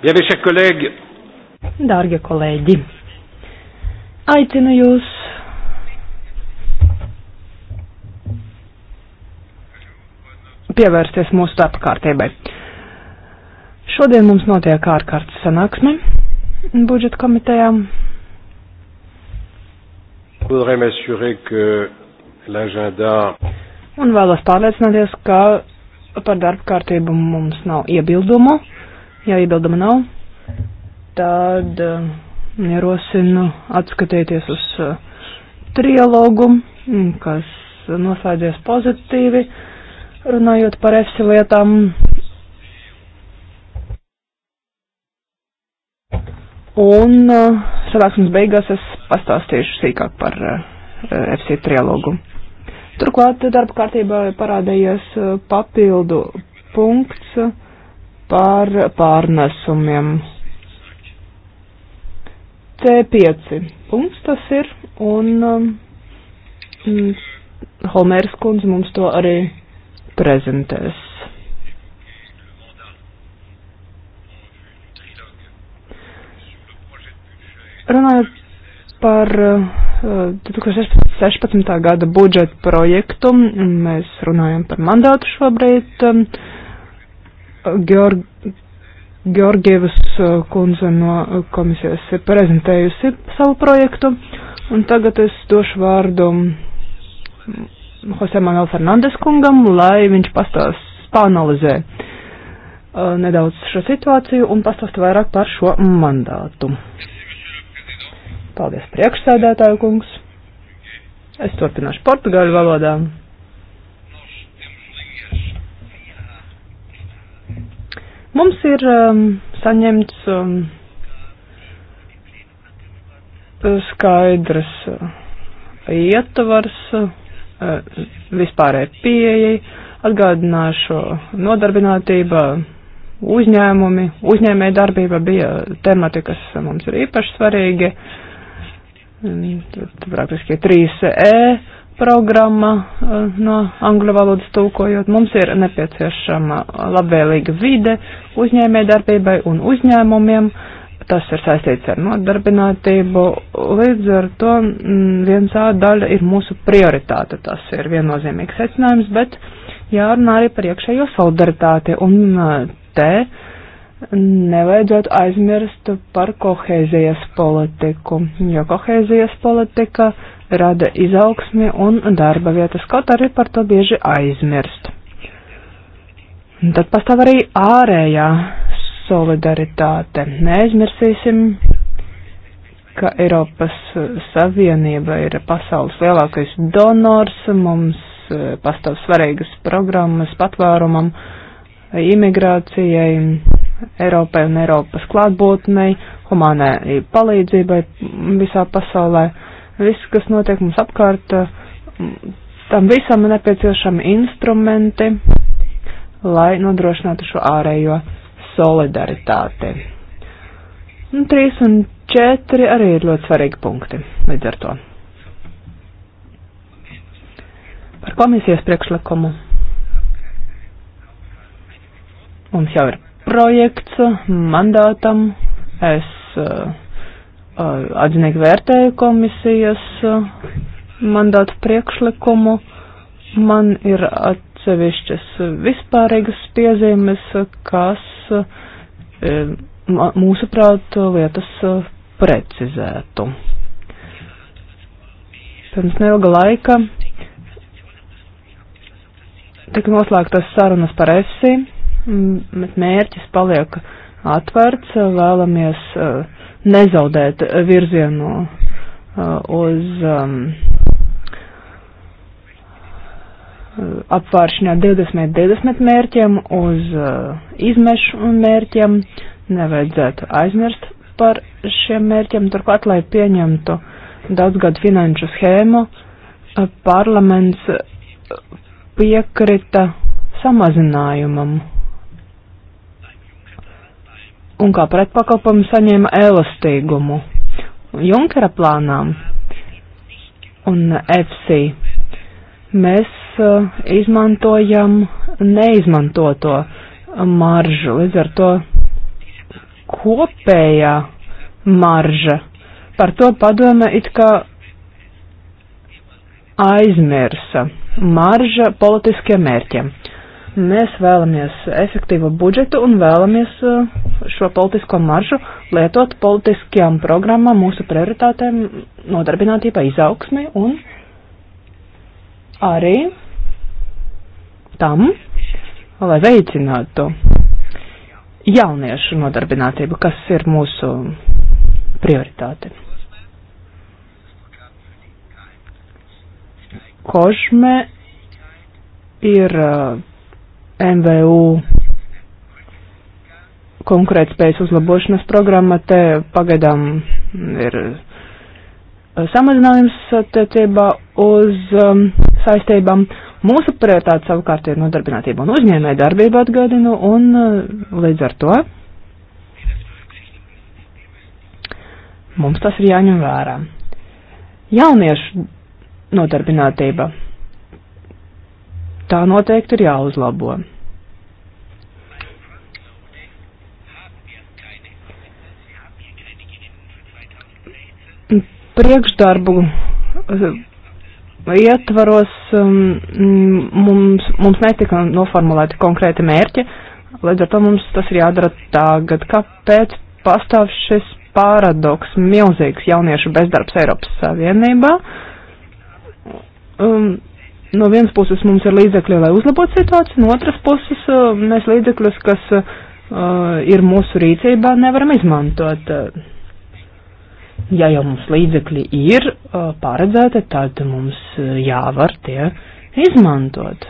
Bien, mes chers collègues. Dārgie kolēģi, aicinu jūs pievērsties mūsu darba kārtībai. Šodien mums notiek ārkārtas sanāksme budžeta komitejā. Un vēlos pārliecināties, ka par darba kārtību mums nav iebildumu Ja iebilduma nav, tad eh, ierosinu atskatīties uz eh, trilogu, kas noslēdzies pozitīvi, runājot par esi lietām. Un eh, sanāksmes beigās es pastāstīšu sīkāk par FC trialogu. Turklāt darba kārtībā parādījies papildu punkts par pārnesumiem. C5 punkts tas ir, un um, mm, Holmēras kundze mums to arī prezentēs. Runājot par uh, 2016. gada budžeta projektu, mēs runājam par mandātu šobrīd. Um, Georg, Georgievas uh, kundze no uh, komisijas ir prezentējusi savu projektu, un tagad es došu vārdu Jose Manuel Fernandes kungam, lai viņš pastāst, pāanalizē uh, nedaudz šo situāciju un pastāst vairāk par šo mandātu. Paldies, priekšsēdētāju kungs. Es turpināšu portugāļu valodā. Mums ir um, saņemts um, skaidrs uh, ietvars uh, vispārēji pieejai, atgādināšu nodarbinātība, uzņēmumi, uzņēmē darbība bija temati, kas mums ir īpaši svarīgi, mm, praktiski 3E programma eh, no angļu valodas tulkojot. Mums ir nepieciešama labvēlīga vide uzņēmē darbībai un uzņēmumiem. Tas ir saistīts ar nodarbinātību. Līdz ar to mm, viens A daļa ir mūsu prioritāte. Tas ir viennozīmīgs secinājums, bet jārunā arī par iekšējo solidaritāti. Un eh, te nevajadzētu aizmirst par kohēzijas politiku, jo kohēzijas politika rada izaugsmi un darba vietas, kaut arī par to bieži aizmirst. Un tad pastāv arī ārējā solidaritāte. Neaizmirsīsim, ka Eiropas Savienība ir pasaules lielākais donors, mums eh, pastāv svarīgas programmas patvērumam, imigrācijai, Eiropai un Eiropas klātbūtnei, humanai palīdzībai visā pasaulē. Viss, kas notiek mums apkārt, eh, tam visam ir nepieciešami instrumenti, lai nodrošinātu šo ārējo solidaritāti. Un trīs un četri arī ir ļoti svarīgi punkti līdz ar to. Par komisijas priekšlikumu. Mums jau ir projekts mandātam. Es uh, atzinīgi vērtēju komisijas mandātu priekšlikumu. Man ir atsevišķas vispārīgas piezīmes, kas mūsuprāt lietas precizētu. Pirms neilga laika tika noslēgtas sarunas par esi, bet mērķis paliek atvērts, vēlamies uh, nezaudēt virzienu uh, uz um, apvāršanā 20-20 mērķiem, uz uh, izmešu mērķiem. Nevajadzētu aizmirst par šiem mērķiem. Turklāt, lai pieņemtu daudzgadu finanšu schēmu, uh, parlaments uh, piekrita samazinājumam un kā pretpakalpojumu saņēma elastīgumu Junkera plānām un EFSI. Mēs uh, izmantojam neizmantoto maržu, līdz ar to kopējā marža. Par to padome it kā aizmirsa marža politiskiem mērķiem. Mēs vēlamies efektīvu budžetu un vēlamies uh, šo politisko maršu lietot politiskajām programmām, mūsu prioritātēm, nodarbinātībai, izaugsmai un arī tam, lai veicinātu jauniešu nodarbinātību, kas ir mūsu prioritāte. Kožme ir uh, MVU konkurētspējas uzlabošanas programma. Te pagaidām ir eh, samazinājums attiecībā uz um, saistībām. Mūsu prioritāte savukārt ir nodarbinātība un uzņēmē darbība atgādinu un uh, līdz ar to mums tas ir jāņem vērā. Jauniešu nodarbinātība Tā noteikti ir jāuzlabo. Priekšdarbu eh, ietvaros um, mums, mums netika noformulēti konkrēti mērķi, līdz ar to mums tas ir jādara tagad. Kāpēc pastāv šis paradoks, milzīgs jauniešu bezdarbs Eiropas Savienībā? Um, no vienas puses mums ir līdzekļi, lai uzlabotu situāciju, no otras puses uh, mēs līdzekļus, kas uh, uh, ir mūsu rīcībā, nevaram izmantot. Uh, ja jau mums līdzekļi ir uh, paredzēti, tad mums jāvar tie izmantot.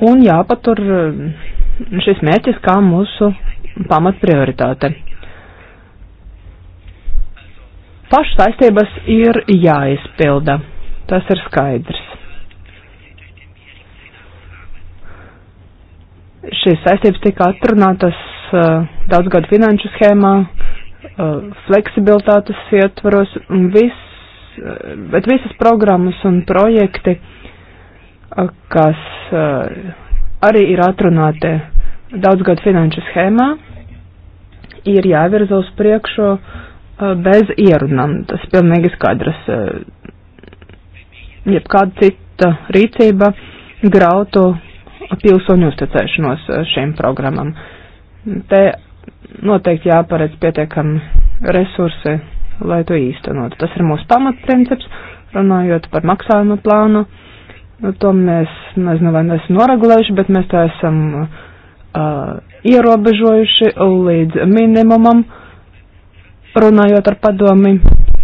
Un jāpatur šis mērķis kā mūsu pamatprioritāte pašas saistības ir jāizpilda. Tas ir skaidrs. Šīs saistības tika atrunātas uh, eh, daudzgadu finanšu schēmā, uh, fleksibilitātes ietvaros, un viss, uh, bet visas programmas un projekti, uh, kas uh, arī ir atrunāti daudzgadu finanšu schēmā, ir jāvirza uz priekšu uh, Eh, bez ierunām. Tas pilnīgi skaidrs. Eh, jebkāda cita rīcība grautu pilsoņu uzticēšanos eh, šīm programmam. Te noteikti jāparedz pietiekami resursi, lai to īstenot. Tas ir mūsu pamatprincips, runājot par maksājumu plānu. Nu, to mēs, nezinu, vai neesam noregulējuši, bet mēs to esam uh, ierobežojuši līdz minimumam. Uh, runājot ar padomi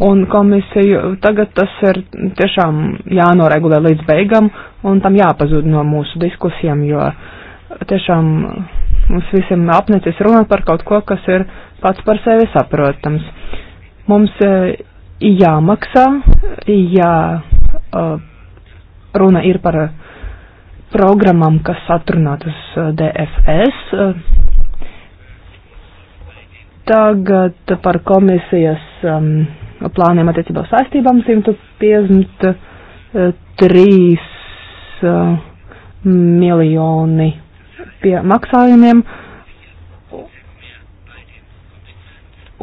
un komisiju, tagad tas ir tiešām jānoregulē līdz beigam un tam jāpazūd no mūsu diskusijām, jo tiešām mums visiem apnicis runāt par kaut ko, kas ir pats par sevi saprotams. Mums e, jāmaksā, jā, e, runa ir par programmām, kas atrunātas e, DFS, Tagad par komisijas um, plāniem attiecībā uz saistībām 153 uh, miljoni pie maksājumiem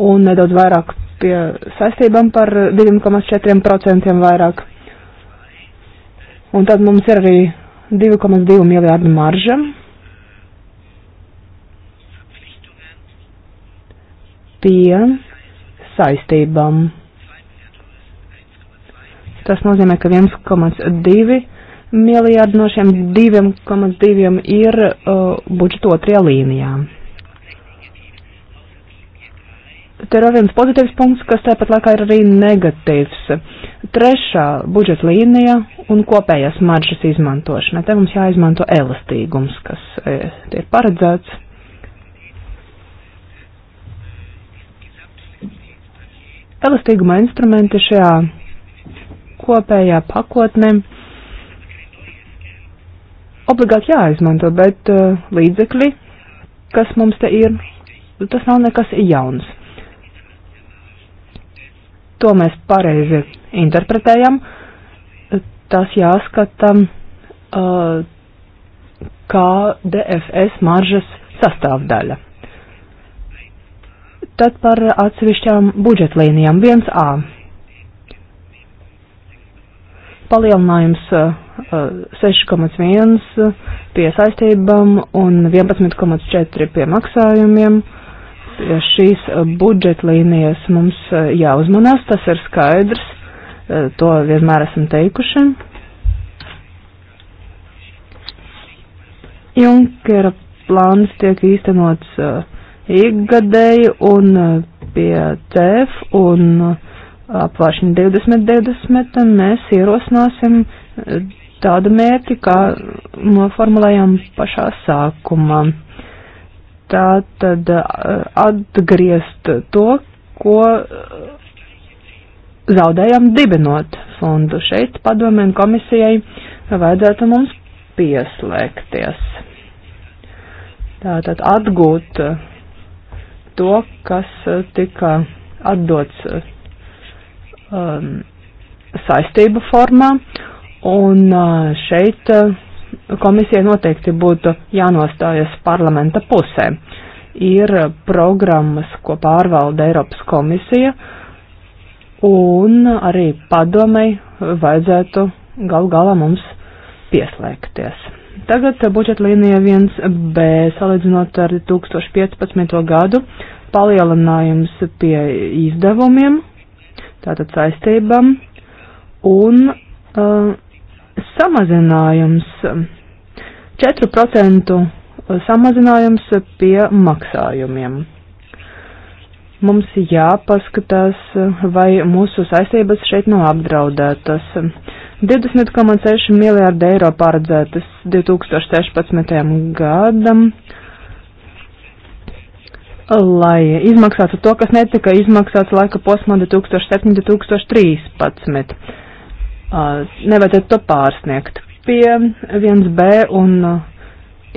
un nedaudz vairāk pie saistībām par 2,4% vairāk. Un tad mums ir arī 2,2 miljārdu marža pie saistībām. Tas nozīmē, ka 1,2 miljārdi no šiem 2,2 ir uh, budžeta otrajā līnijā. Te ir viens pozitīvs punkts, kas tāpat laikā ir arī negatīvs. Trešā budžeta līnija un kopējās maržas izmantošana. Te mums jāizmanto elastīgums, kas e, ir paredzēts. elastīguma instrumenti šajā kopējā pakotnē obligāti jāizmanto, bet uh, līdzekļi, kas mums te ir, tas nav nekas jauns. To mēs pareizi interpretējam, tas jāskata uh, kā DFS maržas sastāvdaļa. Tad par atsevišķām budžetlīnijām 1A. Palielinājums 6,1 uh, uh, pie saistībām un 11,4 pie maksājumiem. Šīs uh, budžetlīnijas mums jāuzmanās, tas ir skaidrs, to vienmēr esam teikuši. Junkera plāns tiek īstenots uh, ikgadēji un uh, pie CEF un uh, apvāršņa 2020 mēs ierosināsim uh, tādu mērķi, kā noformulējam pašā sākumā. Tā tad atgriezt to, ko zaudējām dibinot fondu. Šeit padomē un komisijai vajadzētu mums pieslēgties. Tātad atgūt uh, to, kas eh, tika atdots eh, um, saistību formā, un uh, šeit uh, komisija noteikti būtu jānostājas parlamenta pusē. Ir programmas, ko pārvalda Eiropas komisija, un arī padomei vajadzētu gal galā mums pieslēgties. Tagad budžeta līnija 1B salīdzinot ar 2015. gadu palielinājums pie izdevumiem, tātad saistībām, un uh, samazinājums 4% uh, samazinājums pie maksājumiem. Mums jāpaskatās, vai mūsu saistības šeit nav apdraudētas. Uh, 20,6 miljārdi eiro paredzētas 2016. gadam, lai izmaksātu to, kas netika izmaksāts laika posmā 2007-2013. Uh, nevajadzētu to pārsniegt. Pie 1B un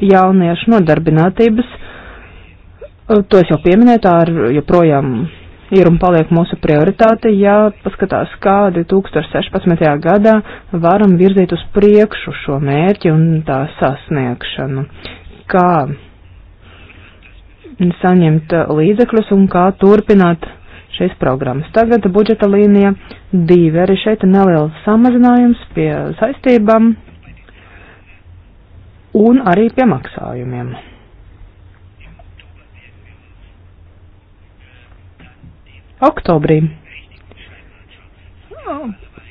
jauniešu nodarbinātības, uh, to es jau pieminēju, tā ir joprojām ir un paliek mūsu prioritāte, ja paskatās, kādi 2016. gadā varam virzīt uz priekšu šo mērķi un tā sasniegšanu. Kā saņemt līdzekļus un kā turpināt šīs programmas. Tagad budžeta līnija divi, arī šeit neliels samazinājums pie saistībām un arī pie maksājumiem. oktobrī.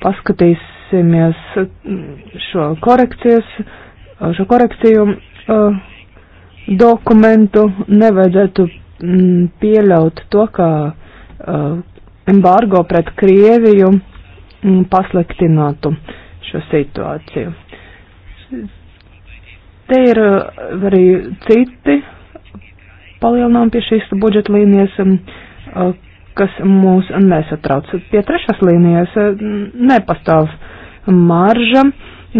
Paskatīsimies mm, šo korekcijas, šo korekciju eh, dokumentu. Nevajadzētu mm, pieļaut to, ka eh, embargo pret Krieviju mm, pasliktinātu šo situāciju. Te ir eh, arī citi palielinājumi pie šīs budžeta līnijas kas mūs nesatrauc. Pie trešās līnijas eh, nepastāv marža,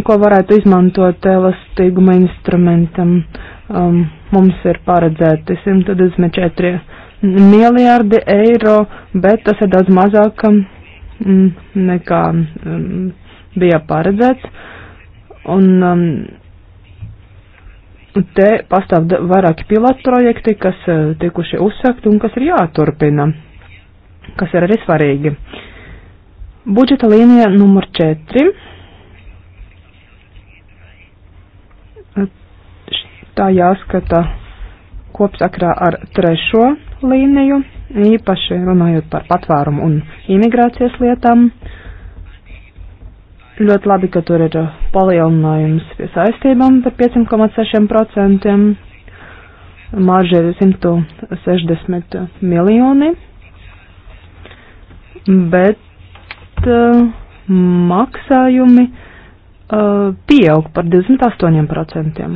ko varētu izmantot elastīguma instrumentam. Um, mums ir paredzēti 124 miljārdi eiro, bet tas ir daudz mazāk mm, nekā mm, bija paredzēts. Un, um, te pastāv vairāki pilotprojekti, kas eh, tikuši uzsākti un kas ir jāturpina kas ir arī svarīgi. Budžeta līnija numur 4. Tā jāskata kopsakrā ar trešo līniju, īpaši runājot par patvērumu un imigrācijas lietām. Ļoti labi, ka tur ir palielinājums saistībām par 5,6%. Marža ir 160 miljoni bet uh, maksājumi uh, pieaug par 28%.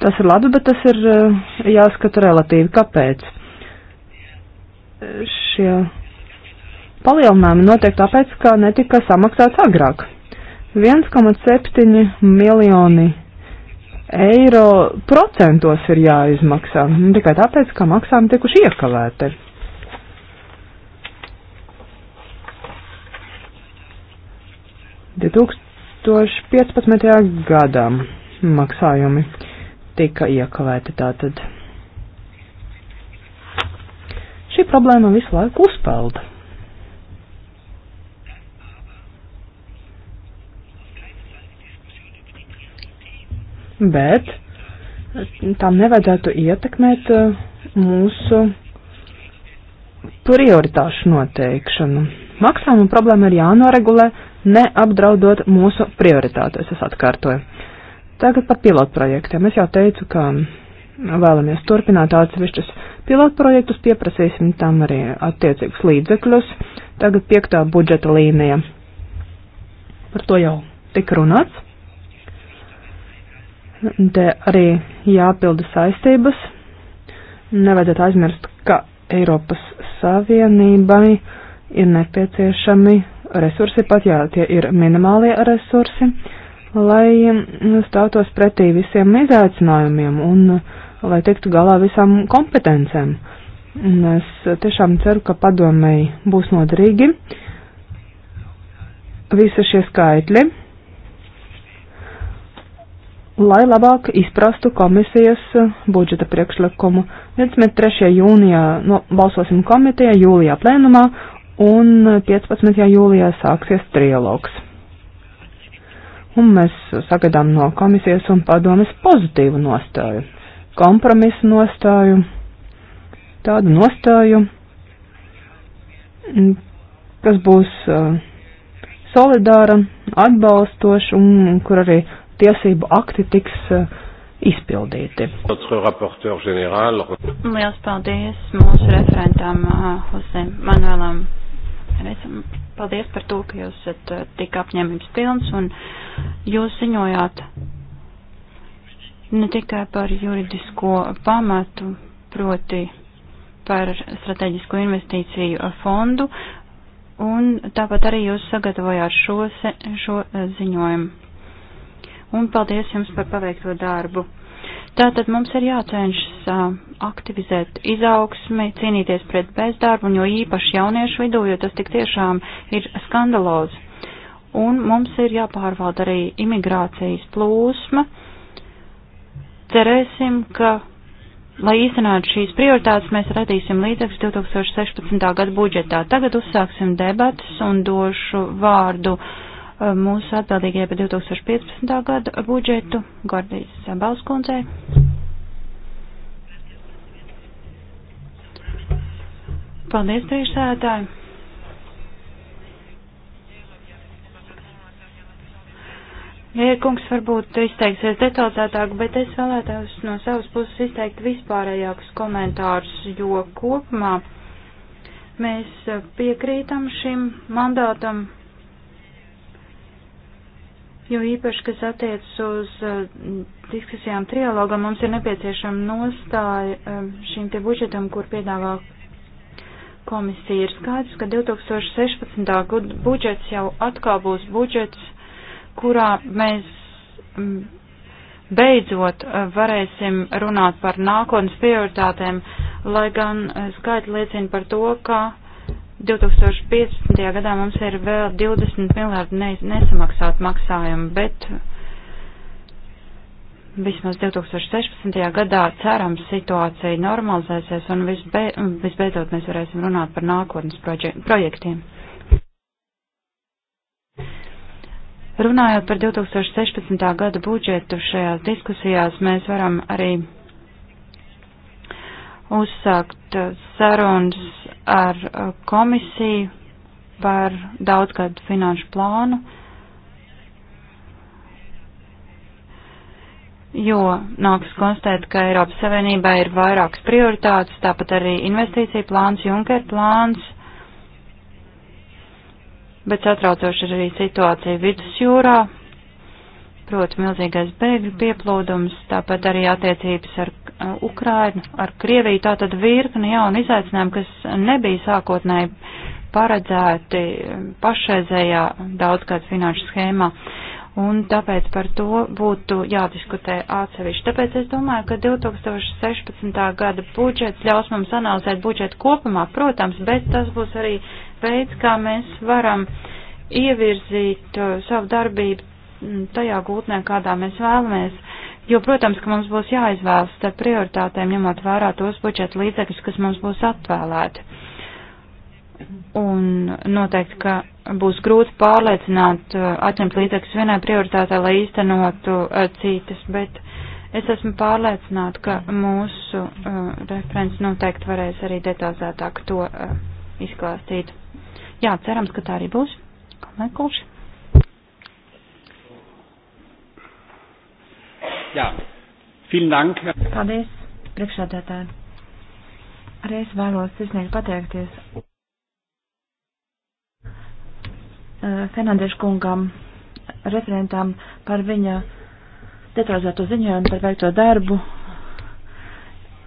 Tas ir labi, bet tas ir uh, jāskata relatīvi. Kāpēc? Šie palielinājumi notiek tāpēc, ka netika samaksāts agrāk. 1,7 miljoni eiro procentos ir jāizmaksā, nu, tikai tāpēc, ka maksājumi tikuši iekavēti. Tūkst 2015. gadā maksājumi tika iekavēti tātad. Šī problēma visu laiku uzpelda. bet tam nevajadzētu ietekmēt uh, mūsu prioritāšu noteikšanu. Maksājuma problēma ir jānoregulē, neapdraudot mūsu prioritātes, es atkārtoju. Tagad par pilotprojektiem. Es jau teicu, ka vēlamies turpināt atsevišķus pilotprojektus, pieprasīsim tam arī attiecīgus līdzekļus. Tagad piektā budžeta līnija. Par to jau tika runāts. Te arī jāpilda saistības. Nevajadzētu aizmirst, ka Eiropas Savienībai ir nepieciešami resursi, pat jā, tie ir minimālie resursi, lai stātos pretī visiem izaicinājumiem un lai tiktu galā visām kompetencēm. Un es tiešām ceru, ka padomēji būs noderīgi visi šie skaitļi lai labāk izprastu komisijas budžeta priekšlikumu. 23. jūnijā no, balsosim komitejā, jūlijā plēnumā un 15. jūlijā sāksies trialogs. Un mēs sagaidām no komisijas un padomes pozitīvu nostāju, kompromisu nostāju, tādu nostāju, mm, kas būs uh, solidāra, atbalstoša un kur arī tiesību akti tiks eh, izpildīti. Liels paldies mūsu referentam Husēm eh, Manuēlam. Mm, paldies par to, ka jūs esat eh, tik apņēmības pilns un jūs ziņojāt ne tikai par juridisko pamatu, proti par strateģisko investīciju fondu, un tāpat arī jūs sagatavojāt šo, šo ziņojumu un paldies jums par paveikto darbu. Tātad mums ir jācenšas uh, aktivizēt izaugsmi, cīnīties pret bezdarbu, un jo īpaši jauniešu vidū, jo tas tik tiešām ir skandalozi. Un mums ir jāpārvalda arī imigrācijas plūsma. Cerēsim, ka, lai īstenātu šīs prioritātes, mēs radīsim līdzekļus 2016. gada budžetā. Tagad uzsāksim debatas un došu vārdu uh, mūsu atbildīgajai par 2015. gada budžetu, Gordijas Balskundzei. Paldies, priekšsēdētāji! Kungs varbūt izteiksies detalizētāk, bet es vēlētos no savas puses izteikt vispārējākus komentārus, jo kopumā mēs piekrītam šim mandātam jo īpaši, kas attiecas uz eh, diskusijām trialogam, mums ir nepieciešama nostāja eh, šim te budžetam, kur piedāvā komisija. Ir skaidrs, ka 2016. gada budžets jau atkal būs budžets, kurā mēs mm, beidzot eh, varēsim runāt par nākotnes prioritātēm, lai gan skaitļi liecina par to, ka 2015. gadā mums ir vēl 20 miljārdi nesamaksāt maksājumu, bet vismaz 2016. gadā cerams situācija normalizēsies un visbe, visbeidzot mēs varēsim runāt par nākotnes projektiem. Runājot par 2016. gada budžetu šajās diskusijās, mēs varam arī uzsākt uh, sarunas ar uh, komisiju par daudzgadu finanšu plānu, jo nāks konstatēt, ka Eiropas Savienībā ir vairākas prioritātes, tāpat arī investīcija plāns, Junker plāns, bet satraucoši ir arī situācija vidusjūrā, proti milzīgais bēgļu pieplūdums, tāpat arī attiecības ar Uh, Ukrainu ar Krieviju, tātad virkni jaunu izaicinājumu, kas nebija sākotnēji paredzēti pašreizējā daudzgad finanšu schēmā. Un tāpēc par to būtu jādiskutē atsevišķi. Tāpēc es domāju, ka 2016. gada budžets ļaus mums analizēt budžetu kopumā, protams, bet tas būs arī veids, kā mēs varam ievirzīt uh, savu darbību mm, tajā gūtnē, kādā mēs vēlamies. Jo, protams, ka mums būs jāizvēlas starp prioritātēm, ņemot vērā tos budžeta līdzekļus, kas mums būs atvēlēti. Un noteikti, ka būs grūti pārliecināt, uh, atņemt līdzekļus vienai prioritātē, lai īstenotu uh, citas, bet es esmu pārliecināta, ka mūsu uh, referents noteikti varēs arī detalizētāk to uh, izklāstīt. Jā, cerams, ka tā arī būs. Kolēkulši. Jā, vielen dank. Paldies, priekšādātāji. Arī es vēlos izniegt pateikties eh, Fernandešu kungam, referentam par viņa detalizēto ziņojumu par veikto darbu.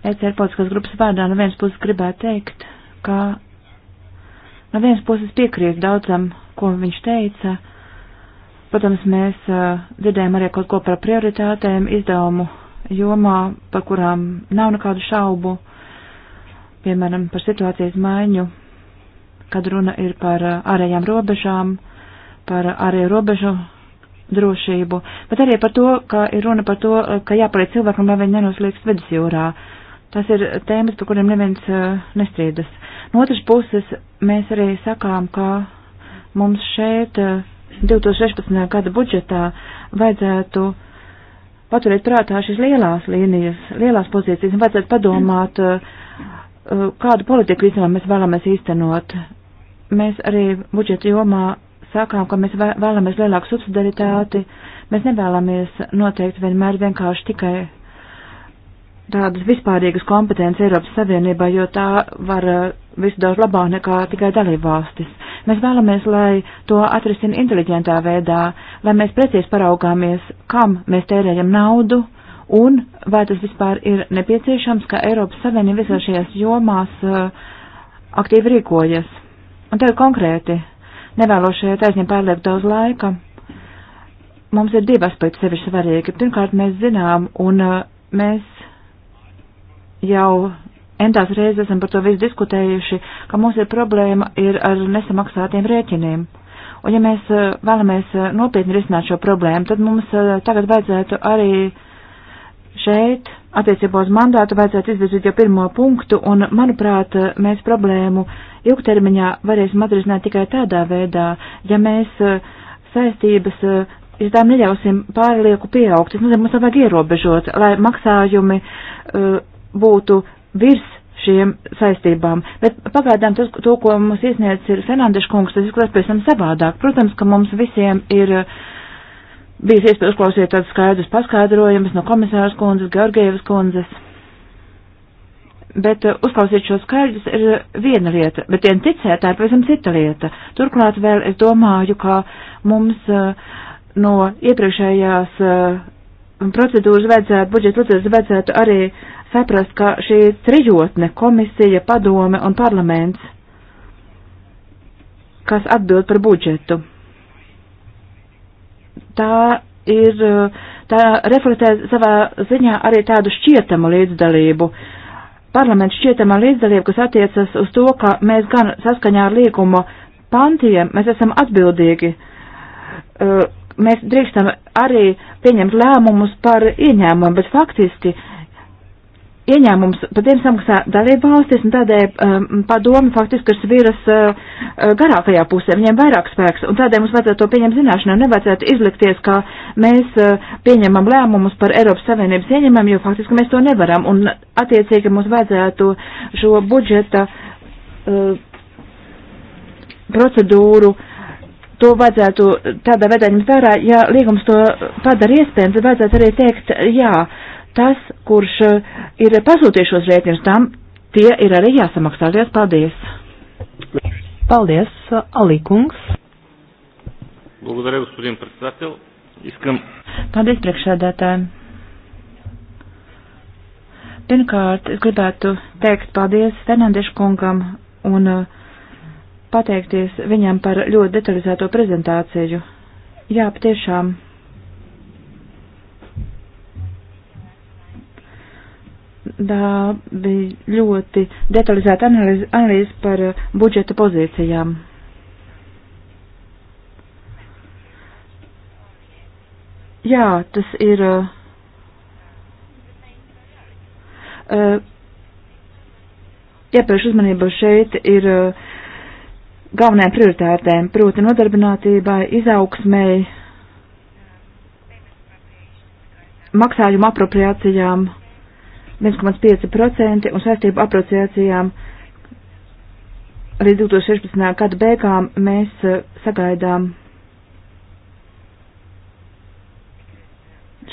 ECR politiskās grupas vārdā no vienas puses gribētu teikt, ka no vienas puses piekrīt daudzam, ko viņš teica Protams, mēs dzirdējām arī kaut ko par prioritātēm izdevumu jomā, par kurām nav nekādu šaubu, piemēram, par situācijas maiņu, kad runa ir par ārējām robežām, par ārēju robežu drošību, bet arī par to, ka ir runa par to, ka jāpaliek cilvēkam, lai viņi nenoslīgst vidus jūrā. Tas ir tēmas, par kuriem neviens uh, nestrīdas. No otras puses, mēs arī sakām, ka mums šeit uh, 2016. gada budžetā vajadzētu paturēt prātā šīs lielās līnijas, lielās pozīcijas, un vajadzētu padomāt, eh, eh, kādu politiku īstenībā mēs vēlamies īstenot. Mēs arī budžeta jomā sākām, ka mēs vēlamies lielāku subsidiaritāti, mēs nevēlamies noteikt vienmēr vienkārši tikai tādas vispārīgas kompetences Eiropas Savienībā, jo tā var eh, visu daudz labāk nekā tikai dalībvalstis. Mēs vēlamies, lai to atrisina inteliģentā veidā, lai mēs precīzi paraugāmies, kam mēs tērējam naudu un vai tas vispār ir nepieciešams, ka Eiropas Savienība visā šajās jomās uh, aktīvi rīkojas. Un tev konkrēti, nevēlos šajā taisnība pārlieku daudz laika, mums ir divi aspekti sevišķi svarīgi. Pirmkārt, mēs zinām un uh, mēs jau entās reizes esam par to visu diskutējuši, ka mums ir problēma ir ar nesamaksātiem rēķiniem. Un ja mēs eh, vēlamies eh, nopietni risināt šo problēmu, tad mums eh, tagad vajadzētu arī šeit, attiecībā uz mandātu, vajadzētu izvirzīt jau pirmo punktu, un, manuprāt, mēs problēmu ilgtermiņā varēsim atrisināt tikai tādā veidā, ja mēs saistības ja tām neļausim pārlieku pieaugt, tas nozīmē, mums vajag ierobežot, lai maksājumi uh, būtu virs šiem saistībām, bet pagaidām tas, to, ko mums iesniedz ir Fernandeša kungs, tas izskatās pēc tam savādāk. Protams, ka mums visiem ir eh, bijis iespēja uzklausīt tādus skaidrus paskaidrojumus no komisāras kundzes, Georgievas kundzes. Bet uh, uzklausīt šo skaidrs ir eh, viena lieta, bet tiem ticēt tā ir pavisam cita lieta. Turklāt vēl es domāju, ka mums uh, no iepriekšējās uh, procedūras vajadzētu, budžeta procedūras vajadzētu arī uh, saprast, ka šī trijotne komisija, padome un parlaments, kas atbild par budžetu, tā ir, tā reflektē savā ziņā arī tādu šķietamu līdzdalību. Parlaments šķietamā līdzdalība, kas attiecas uz to, ka mēs gan saskaņā ar līgumu pantiem, mēs esam atbildīgi. Mēs drīkstam arī pieņemt lēmumus par ieņēmumu, bet faktiski uh, ieņēmums par tiem samaksā dalība valstis, un tādēļ um, padomi faktiski ir sviras uh, uh, garākajā pusē, viņiem vairāk spēks, un tādēļ mums vajadzētu to pieņemt zināšanā, nevajadzētu izlikties, ka mēs uh, pieņemam lēmumus par Eiropas Savienības ieņemam, jo faktiski mēs to nevaram, un attiecīgi mums vajadzētu šo budžeta uh, procedūru uh, to vajadzētu tādā veidā ņemt vērā, ja līgums to padara iespējams, vajadzētu arī teikt, jā, tas, kurš eh, ir pasūtījis šos rēķinus, tam tie ir arī jāsamaksā. Liels paldies! Paldies, Alikungs! Благодаря, господин председател. Искам... Paldies, priekšsēdētāji. Pirmkārt, es gribētu teikt paldies Fernandešu kungam un eh, pateikties viņam par ļoti detalizēto prezentāciju. Jā, patiešām Tā bija ļoti detalizēta analīze, analīze par uh, budžeta pozīcijām. Jā, tas ir. Uh, uh Iepērš uzmanību šeit ir uh, galvenajām prioritātēm, proti nodarbinātībai, izaugsmēji, maksājuma apropriācijām 1,5% un saistību apreciācijām līdz 2016. gada beigām mēs eh, sagaidām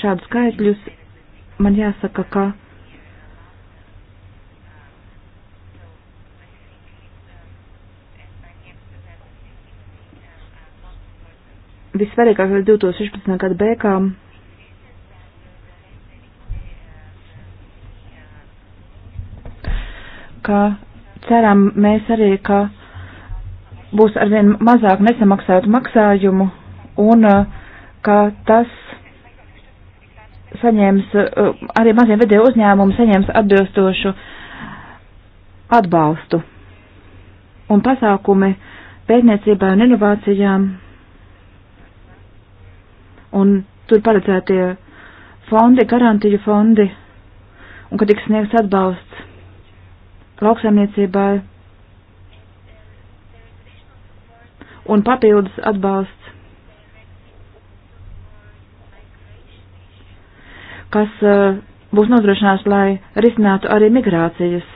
šādu skaitļus. Man jāsaka, ka vissvarīgākais 2016. gada beigām ka ceram mēs arī, ka būs arvien mazāk nesamaksātu maksājumu un uh, ka tas saņēms, uh, arī maziem video uzņēmumu saņēms atbilstošu atbalstu. Un pasākumi pētniecībai un inovācijām un tur paredzētie fondi, garantiju fondi, un kad tiks sniegts atbalsts lauksaimniecībai un papildus atbalsts, kas uh, būs nodrošinās, lai risinātu arī migrācijas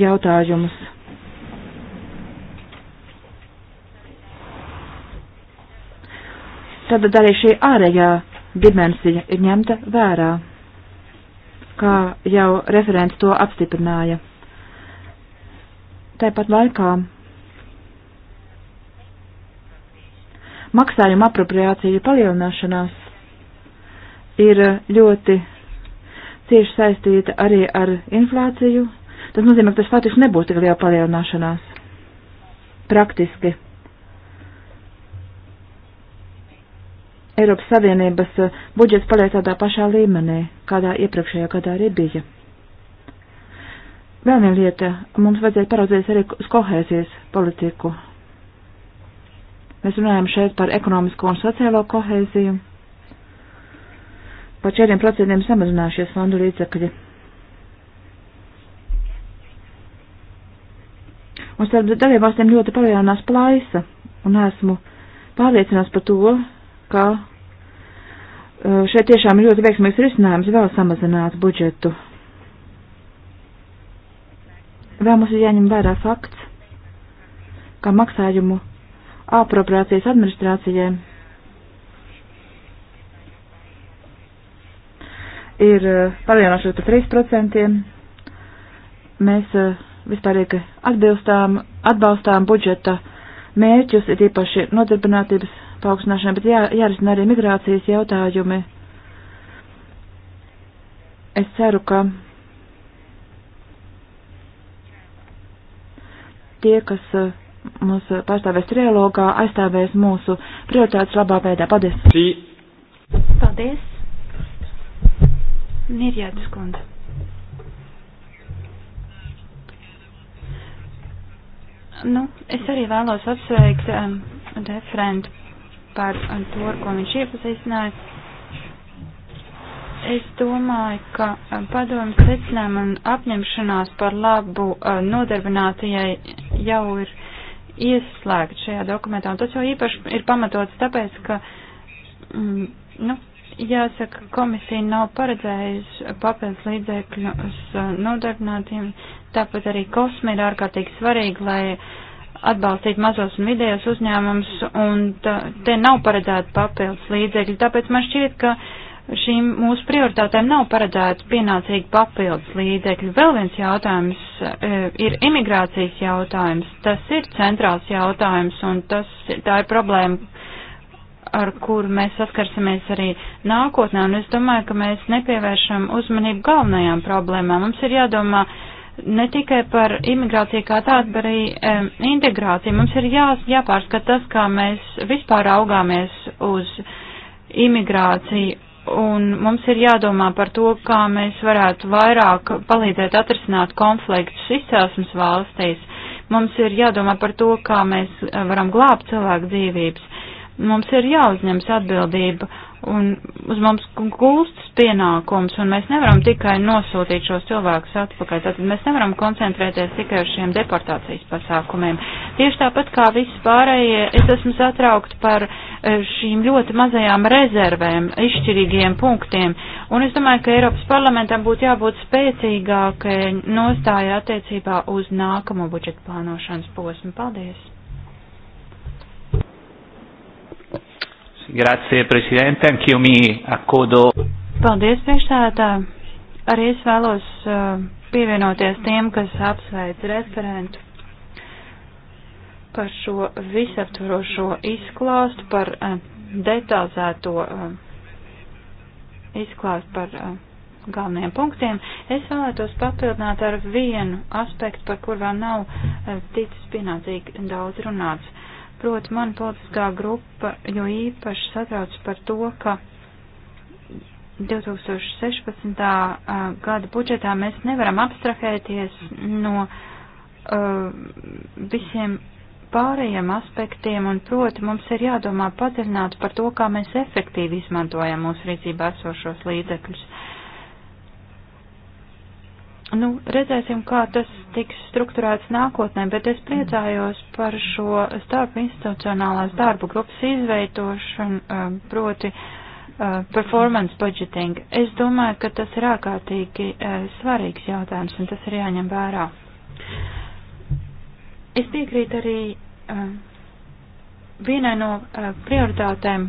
jautājumus. Tad arī šī ārējā dimensija ir ņemta vērā kā jau referents to apstiprināja. Tāpat laikā maksājuma apropriācija palielināšanās ir ļoti cieši saistīta arī ar inflāciju. Tas nozīmē, ka tas faktiski nebūs tik liela palielināšanās. Praktiski Eiropas Savienības eh, budžets paliek tādā pašā līmenī, kādā iepriekšējā gadā arī bija. Vēl viena lieta, mums vajadzētu paraudzīties arī uz kohēzijas politiku. Mēs runājam šeit par ekonomisko un sociālo kohēziju. Par 4% samazinājušies fondu līdzekļi. Un starp dalībvalstīm ļoti palielinās plaisa, un esmu pārliecināts par to, ka e, šeit tiešām ir ļoti veiksmīgs risinājums vēl samazināt budžetu. Vēl mums ir jāņem vērā fakts, ka maksājumu apropriācijas administrācijai ir e, palielināšos par 3%. Mēs e, vispārīgi atbilstām, atbalstām budžeta mērķus, ir īpaši nodarbinātības paaugstināšanai, bet jā, jārisina arī migrācijas jautājumi. Es ceru, ka tie, kas uh, mūs pārstāvēs trilogā, aizstāvēs mūsu prioritātes labā veidā. Paldies! Sī. Paldies! Nirjādas kundze. Nu, es arī vēlos apsveikt um, referentu par to, ar ko viņš iepazīstināja. Es domāju, ka um, padomu secinājumu un apņemšanās par labu uh, nodarbinātajai jau ir ieslēgt šajā dokumentā. Un tas jau īpaši ir pamatots tāpēc, ka, mm, nu, jāsaka, komisija nav paredzējusi papildus līdzekļus uh, nodarbinātiem. Tāpat arī kosmi ir ārkārtīgi svarīgi, lai atbalstīt mazos un vidējos uzņēmumus, un te nav paredzēta papildus līdzekļi. Tāpēc man šķiet, ka šīm mūsu prioritātēm nav paredzēta pienācīgi papildus līdzekļi. Vēl viens jautājums e, ir imigrācijas jautājums. Tas ir centrāls jautājums, un tas, tā ir problēma, ar kuru mēs saskarsimies arī nākotnē, un es domāju, ka mēs nepievēršam uzmanību galvenajām problēmām. Mums ir jādomā, ne tikai par imigrāciju kā tādu, bet arī um, integrāciju. Mums ir jā, jāpārskata tas, kā mēs vispār augāmies uz imigrāciju, un mums ir jādomā par to, kā mēs varētu vairāk palīdzēt atrisināt konfliktus izcelsmes valstīs. Mums ir jādomā par to, kā mēs eh, varam glābt cilvēku dzīvības. Mums ir jāuzņems atbildība un uz mums gulstas pienākums, un mēs nevaram tikai nosūtīt šos cilvēkus atpakaļ. Tātad mēs nevaram koncentrēties tikai uz šiem deportācijas pasākumiem. Tieši tāpat kā visi pārējie, es esmu satraukta par eh, šīm ļoti mazajām rezervēm, izšķirīgiem punktiem, un es domāju, ka Eiropas parlamentam būtu jābūt spēcīgākai nostāja attiecībā uz nākamo budžeta plānošanas posmu. Paldies! Grazie, Presidente. Anch'io mi accodo. Paldies, priekšstādātāji. Arī es vēlos uh, pievienoties tiem, kas apsveic referentu par šo visaptvarošo izklāstu, par uh, detalizēto uh, izklāstu par uh, galvenajiem punktiem. Es vēlētos papildināt ar vienu aspektu, par kur vēl nav uh, ticis pienācīgi daudz runāts. Proti, man politiskā grupa jo īpaši satrauc par to, ka 2016. gada budžetā mēs nevaram abstrahēties no uh, visiem pārējiem aspektiem, un proti mums ir jādomā padziļināt par to, kā mēs efektīvi izmantojam mūsu rīcībā esošos līdzekļus. Nu, redzēsim, kā tas tiks strukturēts nākotnē, bet es priecājos par šo starp institucionālās darba grupas izveidošanu, um, proti uh, performance budgeting. Es domāju, ka tas ir ārkārtīgi uh, svarīgs jautājums un tas ir jāņem vērā. Es piekrītu arī uh, vienai no prioritātēm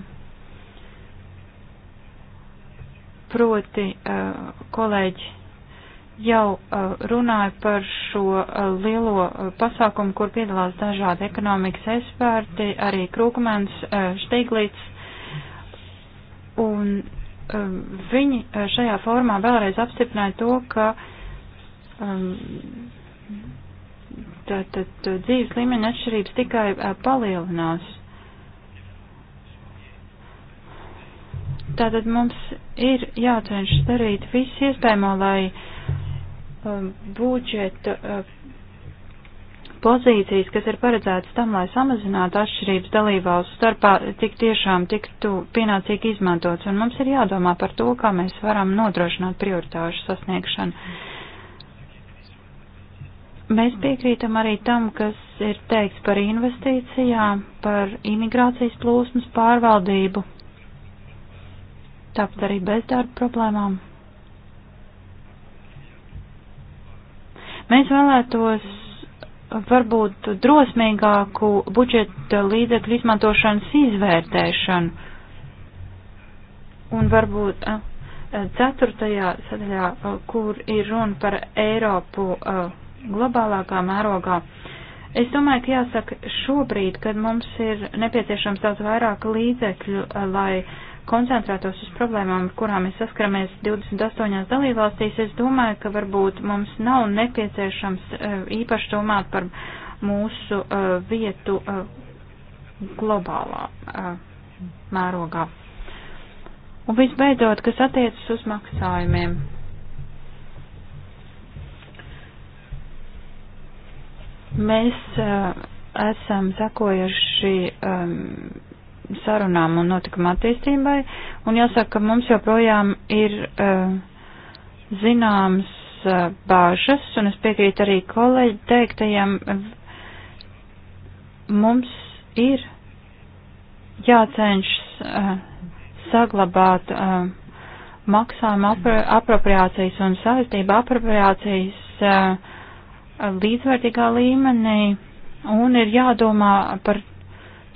proti kolēģi jau uh, runāju par šo uh, lielo uh, pasākumu, kur piedalās dažādi ekonomikas eksperti, arī Krūkmens, Štiglīts, un um, viņi šajā formā vēlreiz apstiprināja to, ka um, tātad tā, dzīves līmeņa atšķirības tikai palielinās. Tātad mums ir jācenšas darīt visu iespējamo, lai uh, Um, budžeta uh, pozīcijas, kas ir paredzētas tam, lai samazinātu atšķirības dalībvalstu starpā, tik tiešām tiktu pienācīgi izmantots, un mums ir jādomā par to, kā mēs varam nodrošināt prioritāšu sasniegšanu. Mēs piekrītam arī tam, kas ir teikts par investīcijām, par imigrācijas plūsmas pārvaldību, tāpat arī bezdarba problēmām. Mēs vēlētos varbūt drosmīgāku budžeta līdzekļu izmantošanas izvērtēšanu. Un varbūt ceturtajā sadaļā, kur ir runa par Eiropu globālākā mērogā, es domāju, ka jāsaka šobrīd, kad mums ir nepieciešams daudz vairāk līdzekļu, lai uh, koncentrētos uz problēmām, ar kurām mēs saskaramies 28 dalībvalstīs, es domāju, ka varbūt mums nav nepieciešams eh, īpaši domāt par mūsu eh, vietu eh, globālā mērogā. Un visbeidzot, kas attiecas uz maksājumiem. Mēs uh, esam sakojuši um, sarunām un notikuma attīstībai, un jāsaka, ka mums joprojām ir uh, eh, zināms uh, eh, bāžas, un es piekrītu arī kolēģi teiktajam, mums ir jācenšas uh, saglabāt uh, maksājuma apro apropriācijas un saistība apropriācijas uh, līdzvērtīgā līmenī un ir jādomā par